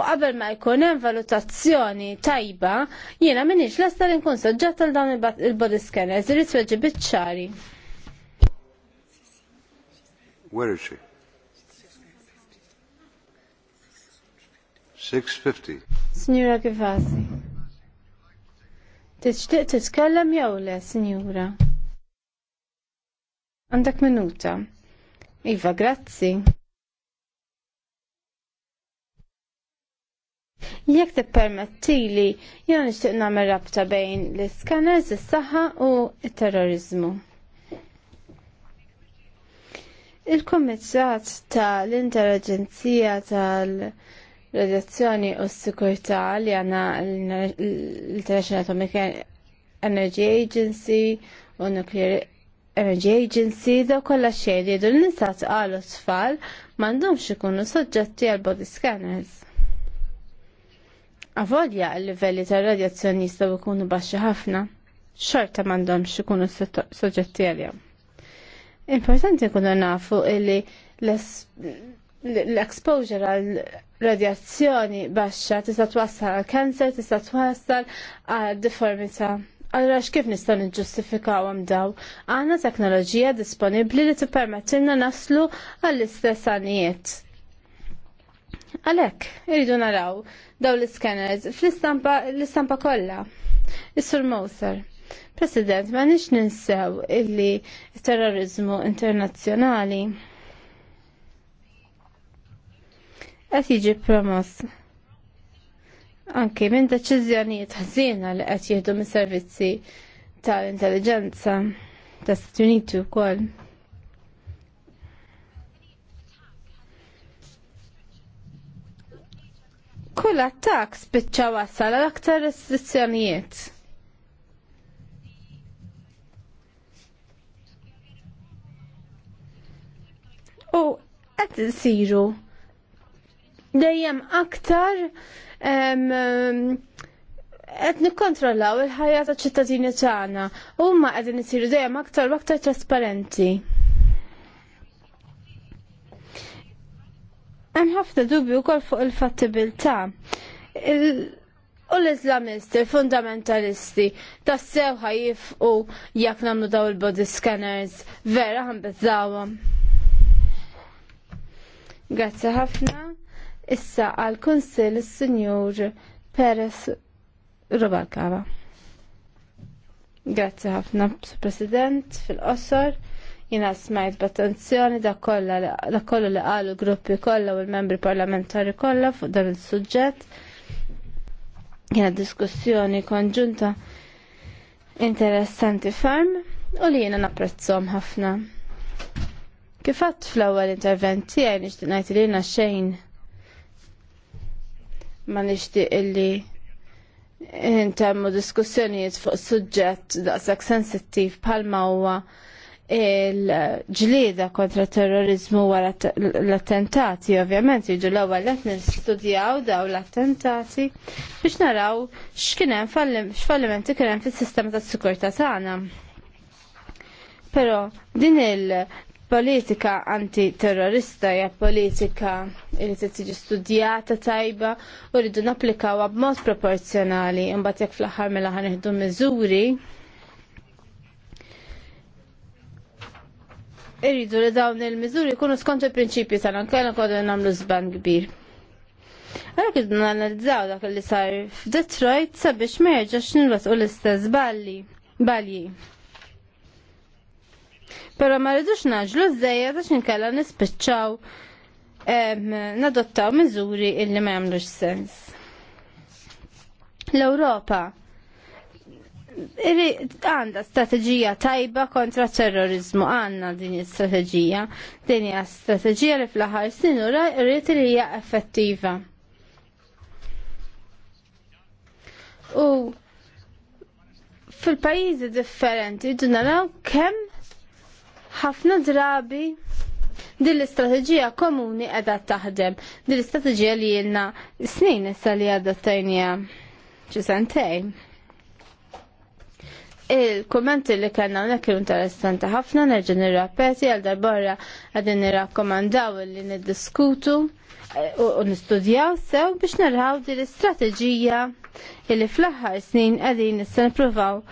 Speaker 2: U qabel ma jkun hemm valutazzjoni tajba, jiena m'iniex lesta li nkun soġġat għal dawn il-body scanners, irid tweġġi biċ
Speaker 1: Where is she? 650.
Speaker 2: Signora Givasi. Tixtieq titkellem jew le, Sinjura? Għandek minuta. Iva, grazzi. Jekk tippermettili, jiena nixtieq nagħmel rabta bejn l-iskaners, is-saħħa u t-terrorizmu. Il-Kumitat tal-interaġenzija tal-, intelligenzija tal radjazzjoni u s-sikurtà li għanna l-International Atomic Energy Agency u Nuclear Energy Agency daw kollha xejn li jdu l-nisat qalu tfal m'għandhomx ikunu soġġetti għal body scanners. Avolja l-livelli tar-radjazzjoni jistgħu jkunu baxxi ħafna, xorta m'għandhomx ikunu soġġetti għalihom. Importanti nkunu nafu illi l-exposure għal radjazzjoni baxxa tista' twassal għal kanser, tista' twassal għal deformità. Allora x'kif nistgħu niġġustifikawhom daw? Għandna teknoloġija disponibbli li tippermettilna naslu għall-istess għanijiet. Għalhekk, iridu naraw daw l iskeners fl-istampa l-istampa kollha. Is-Sur Moser. President, ma nix ninsew illi terrorizmu internazzjonali qed jiġi promoss. Anke minn deċiżjonijiet ħażina li qed jieħdu mis-servizzi tal-intelligenza tas-Stati Uniti wkoll. kull attak spiċċa wasal għal aktar restrizzjonijiet. U qed isiru dejjem aktar qed nikkontrollaw il-ħajja ta' ċittadini tagħna huma qegħdin isiru dejjem aktar u aktar trasparenti. Hemm ħafna dubju wkoll fuq il-fattibilità. U l-Islamisti, fundamentalisti, tassew ħajif u jak namlu daw il-body scanners, vera ħan Grazzi Grazie ħafna issa għal kunsill is-Sinjur Perez Rubalkava. Grazzi ħafna, President, fil-qosor. Jina smajt b'attenzjoni da kollu li qalu gruppi kollha u l-membri parlamentari kollha fuq dan il-suġġett. Jina diskussjoni konġunta interessanti ferm u li jina napprezzom ħafna. Kifat fl-ewwel intervent tiegħi nixtieq ngħid li xejn ma nixtieq illi intemmu diskussjonijiet fuq suġġett daqshekk sensittiv bħalma huwa il-ġlieda kontra terrorizmu wara l-attentati, ovvjament jiġu l-ewwel qed nistudjaw daw l-attentati biex naraw x'kien hemm x'fallimenti kien hemm fis-sistema tas-sikurtà tagħna. Però din il politika antiterrorista hija politika li se tiġi studjata tajba u rridu napplikawha b'mod proporzjonali imbagħad jekk fl-aħħar mela ħanieħdu miżuri irridu li dawn il-miżuri jkunu skont il-prinċipju tal-ankella kodu nagħmlu żban kbir. Għara kidu nanalizzaw dak li sar f'Detroit sabiex ma jerġax nilwasqu l-istess balli. Balji. Pero ma rridux naġlu zzejja għax inkella nispiċċaw nadottaw miżuri illi ma jamlux sens. L-Ewropa għanda strategija tajba kontra terrorizmu għanna din strategija din hija strategija li fl-aħħar snin rrit li hija effettiva. U fil-pajjiżi differenti jdu naraw kemm ħafna drabi din l-istrateġija komuni qiegħda taħdem, din l-istrateġija li jilna snin issa li għadha tajnija ċisantej. sentejn. Il-kommenti li kellna hawnhekk interessanti ħafna, nerġa' nirrapeti għal darbarra qegħdin nirrakkomandaw li niddiskutu eh, u nistudjaw sew biex naraw din l-istrateġija li fl-aħħar snin qegħdin issa nippruvaw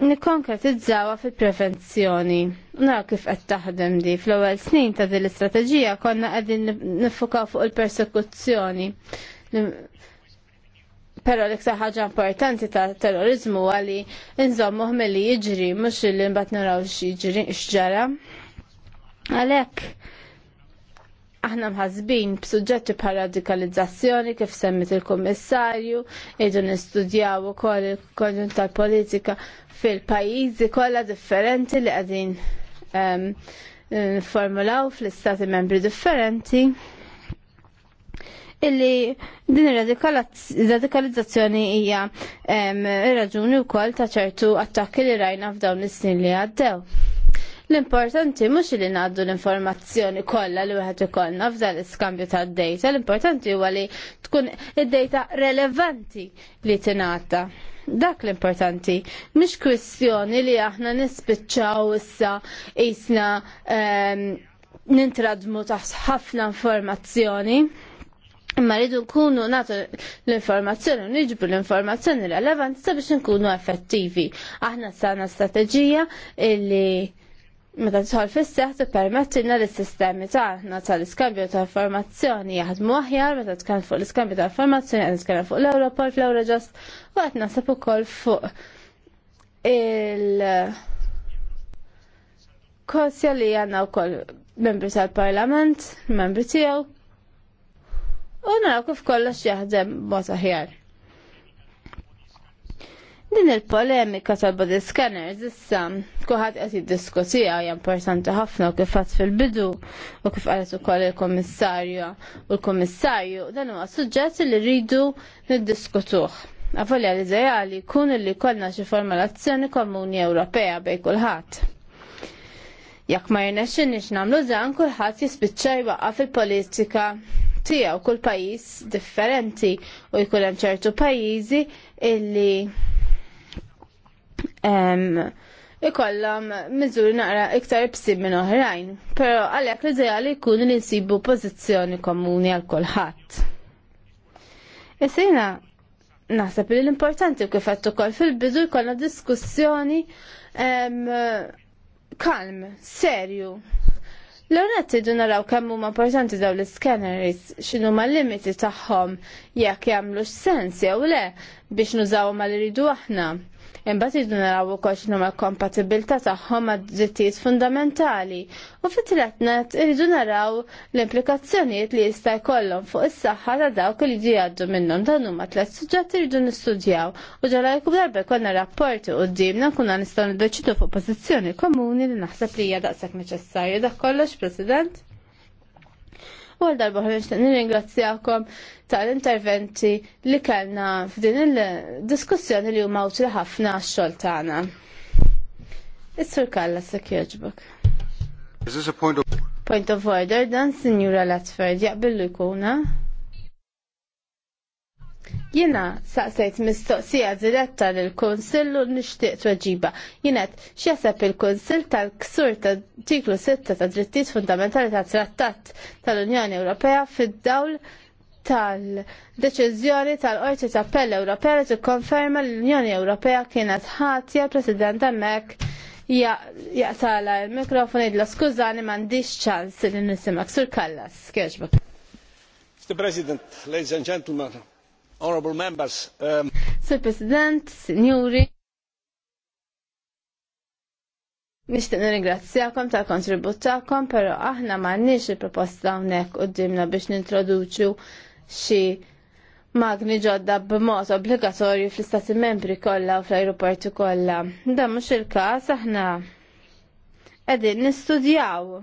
Speaker 2: nikonkretizzawa fil-prevenzjoni. Nara kif qed taħdem di fl-ewwel snin ta' din l-istrateġija konna qegħdin nifukaw fuq il-persekuzzjoni. Però l-iktar ħaġa importanti ta' terrorizmu għali inżommu li jiġri mhux li mbagħad naraw x'ġara. Għalhekk Aħna mħazbin b'suġġetti bħal radikalizzazzjoni kif semmit il-Kummissarju, idu nistudjaw ukoll il-konjun tal-politika fil-pajjiżi kollha differenti li qegħdin um, ehm, formulaw fl-istati membri differenti illi din ir-radikalizzazzjoni hija ehm, ir-raġuni wkoll ta' ċertu attakki li rajna f'dawn is-snin li għaddew. L-importanti mhux li ngħaddu l-informazzjoni kollha li wieħed ikollna f'dan l-iskambju tad-data, l-importanti huwa li tkun id-data relevanti li tingħata. Dak l-importanti, mhix kwistjoni li aħna nispiċċaw issa isna um, nintradmu taħt ħafna informazzjoni. Imma rridu nkunu natu l-informazzjoni, niġbu l-informazzjoni relevanti sabiex nkunu effettivi. Aħna sana strateġija illi meta tħol fis-seħ tippermettilna li s-sistemi tagħna tal-iskambju ta' informazzjoni jaħdmu aħjar meta tkun fuq l-iskambju ta' informazzjoni qed nitkellem fuq l-Europol fl-Eurojust u qed nasab ukoll fuq il kosja li għandna wkoll membri tal-Parlament, membri tiegħu. U naraw kif kollox jaħdem b'mod aħjar. Din il-polemika tal-body scanners issa kuħat qed jiddiskutija hija importanti ħafna u kif għad fil-bidu u kif qalet ukoll il-Kummissarju u l-Kummissarju dan huwa suġġett li rridu niddiskutuh. Avolja li żejali kun li kollna xi formulazzjoni komuni Ewropea bejn kulħadd. Jekk ma jirnexxinix nagħmlu dan kulħadd jispiċċa jwaqqa fil-politika tiegħu kull pajjiż differenti u jkun hemm ċertu pajjiżi illi ikollam miżuri naqra iktar bsib minn oħrajn, pero għalhekk l li jkun li nsibu pożizzjoni komuni għal kulħadd. Isejna naħseb li l-importanti kif qed ukoll fil-bidu jkollna diskussjoni kalm, serju. L-għonet iddu naraw kemm huma importanti daw l-scanneries, xinu ma limiti tagħhom jekk x sens jew le biex ma għal ridu aħna. Imbagħad idu naraw ukoll x'inhu l-kompatibilità tagħhom ma' drittijiet fundamentali u fit-tielet iridu naraw l-implikazzjonijiet li jista' jkollhom fuq is-saħħa ta' dawk li jiġu jgħaddu minnhom dan huma tliet suġġetti iridu nistudjaw u ġara jkun darba jkollna rapporti quddiemna nkunu nistgħu niddeċidu fuq pożizzjoni komuni li naħseb li hija daqshekk neċessarju dak kollox, President u għal darba nixtieq nirringrazzjakom tal-interventi li kellna f'din il-diskussjoni li huma utli ħafna għax-xogħol tagħna. Is-Sur Kalla se jogħġbok. Point of order dan Sinjura Latford jaqbillu jkuna. Jena saqsejt mistoqsija diretta lill konsill u nixtieq tweġiba. qed x'jaseb il kunsill tal-ksur ta' tiklu 6 ta' drittijiet fundamentali ta' trattat tal-Unjoni Ewropea fid-dawl tal-deċiżjoni tal-Qorti ta' appell Ewropea li tikkonferma l-Unjoni Ewropea kienet ħatja President Mek jaqtala il-mikrofon idla skużani m'għandix ċans li nisimak sur kallas. Kieġbok.
Speaker 1: Mr. President, ladies and gentlemen, Honorable members. Um...
Speaker 2: Sir President, Signori. Nishtiq nirringrazzjakom tal-kontribut tagħkom, però aħna m'għandniex il-proposta hawnhekk qudiemna biex nintroduċu xi magni ġodda b'mod obbligatorju fl-istati membri kollha u fl-ajruporti kollha. Dan mhux il-każ aħna qegħdin nistudjaw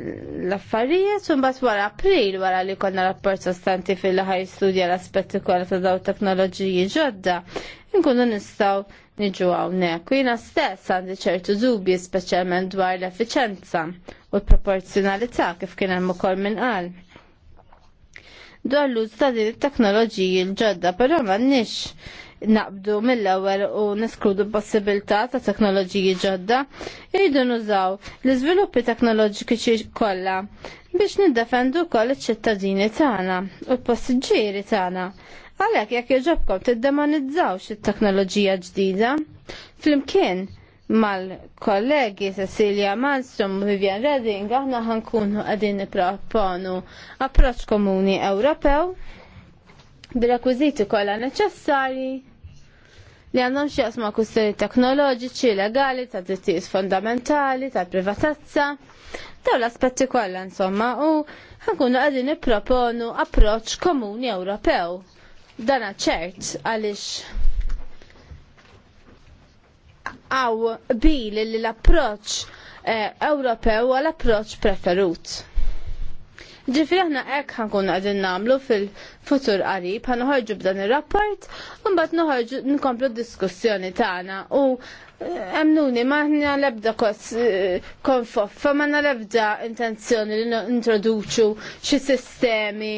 Speaker 2: l-affarijiet u mbagħad wara April wara li konna rapport sostanti fil-ħaj studja l-aspetti kollha ta' daw teknoloġiji ġodda, nkunu nistgħu niġu hawnhekk. Jiena stess għandi ċertu dubji speċjalment dwar l-effiċenza u l-proporzjonalità kif kien hemm ukoll minn qal. Dwar l-uż ta' din it-teknoloġiji l-ġodda, però m'għandniex naqbdu mill-ewwel u niskludu possibilità ta' teknoloġiji ġodda, jridu nużaw l-iżviluppi teknoloġiċi kollha biex niddefendu wkoll iċ-ċittadini tagħna u l-passiġġieri tagħna. Għalhekk jekk jogħġobkom tiddemonizzaw it-teknoloġija ġdida, flimkien mal-kollegi Cecilia Malmström u Vivian Redding aħna ħankunu qegħdin nipproponu approċċ komuni Ewropew bir-rekwiżiti kollha neċessarji li għandhom xi jasma' kwistjoni teknoloġiċi, legali, ta' drittijiet fondamentali, ta' privatezza, dawn l-aspetti kollha insomma u ħankunu qegħdin nipproponu approċċ komuni Ewropew. Dana ċert għaliex għaw bil li l-approċċ eh, Ewropew għal approċċ preferut. Ġifri aħna hekk ħankun għadin nagħmlu fil-futur qarib ħanħorġu b'dan ir-rapport u mbagħad noħorġu nkomplu d-diskussjoni tagħna u Għamnuni, maħna lebda kos eh, konfof, fa l lebda intenzjoni li introduċu xie sistemi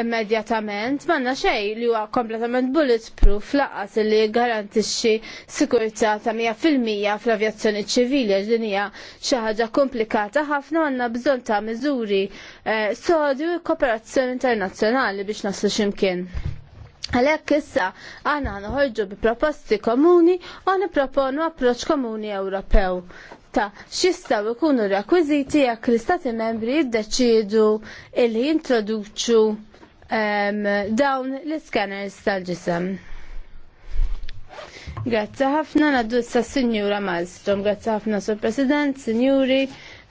Speaker 2: immedjatament, maħna xej li huwa kompletament bulletproof laqas li garantixxi sikurta ta' 100% fl-avjazzjoni ċivili, din hija xi ħaġa komplikata ħafna għandna bżonn ta' miżuri eh, sodi u kooperazzjoni internazzjonali biex naslu ximkien. Għalhekk issa aħna noħorġu bi proposti komuni u nipproponu approċċ komuni Ewropew ta' x'jistgħu jkunu rekwiżiti jekk l-Istati membri jiddeċiedu li jintroduċu ehm, dawn l-scanners tal-ġisem. Grazzi ħafna naddu issa Sinjura Malstrom, grazzi ħafna Sur President, Sinjuri,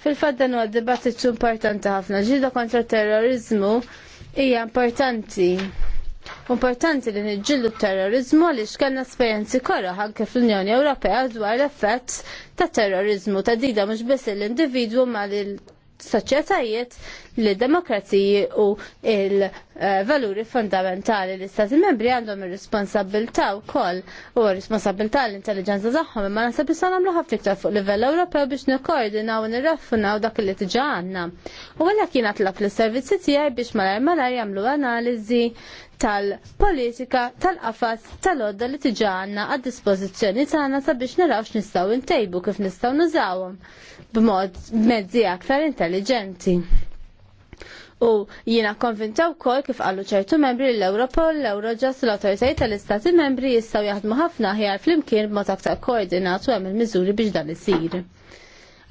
Speaker 2: fil-faddan u għad-dibattitu importanti ħafna ġida kontra terrorizmu hija importanti Importanti li nġillu terrorizmu li xkanna esperienzi korra ħanke fl-Unjoni Ewropea dwar l-effett ta' terrorizmu ta' dida mhux biss l-individwu ma' soċjetajiet li demokraziji u il-valuri fondamentali li stati membri għandhom ir-responsabilità wkoll u r-responsabilità l-intelligenza tagħhom imma nasab issa nagħmlu ħafna fuq livell Ewropew biex nikkoordinaw u nirraffunaw dak li tġa għandna. U għalhekk jien tlaq l servizzi tiegħi biex malaj malaj jagħmlu analiżi tal-politika tal-qafas tal-odda li tġa għandna għad-dispożizzjoni tagħna sabiex naraw x-nistaw ntejbu kif nistgħu nużawhom b'mod mezzi aktar intelligenti. U jiena konvinta kol kif qalu ċertu membri l-Europol, l-Eurojust, l-autoritajiet tal-Istati membri jistgħu jaħdmu ħafna ħjar flimkien b'mod aktar koordinat u hemm il-miżuri biex dan isir.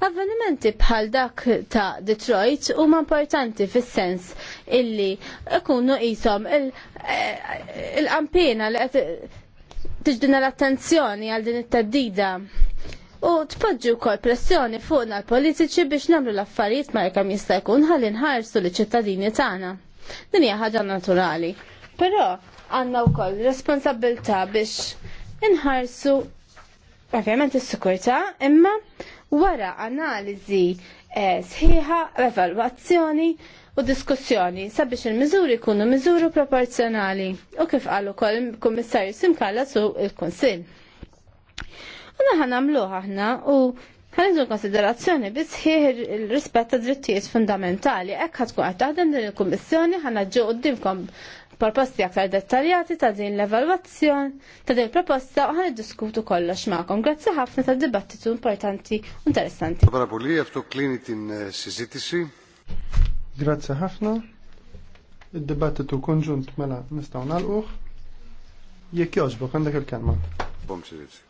Speaker 2: Avvenimenti bħal dak ta' Detroit huma importanti fis-sens illi ikunu qishom eh, il-qampina li qed tiġdina l-attenzjoni għal din it-teddida u tpoġġi wkoll pressjoni fuqna l-politiċi biex nagħmlu l-affarijiet ma jkam jista' jkun ħalli nħarsu ċittadini tagħna. Din hija ħaġa naturali. Però għandna wkoll responsabilità biex inħarsu ovvjament is-sikurtà imma wara analiżi eh, sħiħa, evalwazzjoni u diskussjoni sabiex il-miżuri jkunu miżuri proporzjonali u kif qalu kol il-Kummissarju Simkalla su il-Kunsill. U naħan għamluħ aħna u ħanżu konsiderazzjoni bisħiħ il-rispett ta' drittijiet fundamentali. Ekk ħatkun għat taħdem din il-Kummissjoni ħanna ġu qoddimkom proposti aktar dettaljati ta' din l-evalwazzjoni ta' din proposta u ħan diskutu kollox ma'kom. Grazzi ħafna ta' dibattitu importanti u interessanti.
Speaker 1: Eh, sizitisi. Grazzi ħafna. Id-dibattitu konġunt mela nistaw nalquħ. Jekk joġbok għandek il-kelma.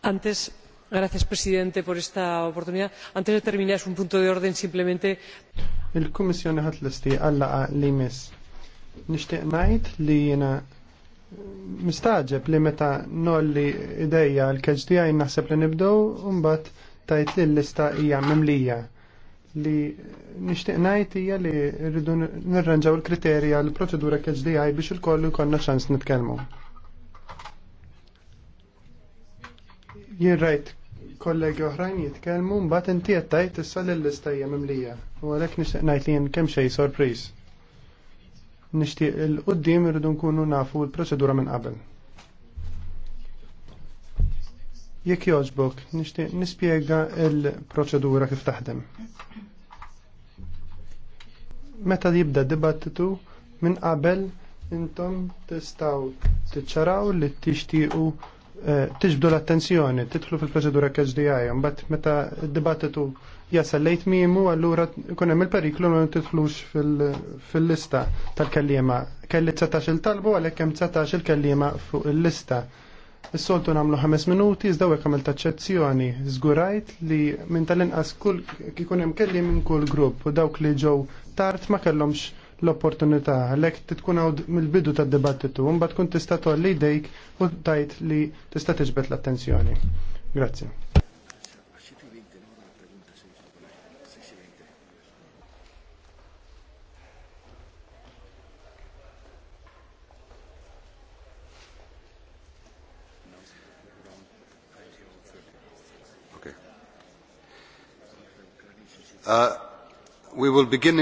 Speaker 4: Antes Gracias, Presidente, por esta oportunidad. Antes de terminar, es
Speaker 1: un punto de orden simplemente. Il-Kummissjoni ħat l-isti għallaqa li mis. Nishtiq najt li jena mistaġeb li meta nolli ideja l-keġdijaj naħseb li nibdow un-bat tajt li l-lista hija mimlija li nishtiq najt hija li rridu nirranġaw il-kriterja l-proċedura KHDI biex il-kollu jkollna ċans nitkellmu. Jien rajt kollegi oħrajn jitkellmu mbagħad inti qed tgħid issa lill-lista hija mimlija. U għalhekk nixtieq ngħid li jien kemm xejn sorpriż. Nixtieq il qudiem irridu nkunu nafu l-proċedura minn qabel. Jekk jogħġbok, nixtieq nispjega l-proċedura kif taħdem. Meta jibda dibattitu minn qabel intom tistgħu tiċċaraw li tixtiequ Eh, tiġbdu l-attenzjoni, titħlu fil-proċedura KHDI, mbatt meta d-dibattitu jasal lejt mimu, allura kunem hemm il-periklu ma titħlux fil-lista tal-kellima. Kelli 19 talbu għalhekk hemm 19 il-kellima fuq il-lista. Is-soltu nagħmlu 5 minuti, iżda hekk għamilt eċċezzjoni. Zgurajt li minn tal-inqas kull kikunem hemm kelli minn kull grupp u dawk li ġew tard ma kellhomx l-opportunità għalek titkun għawd mill-bidu tad-dibattitu bat kun tista' tolli dejk u tajt li tista' tiġbed l-attenzjoni. Grazie. Uh, we will begin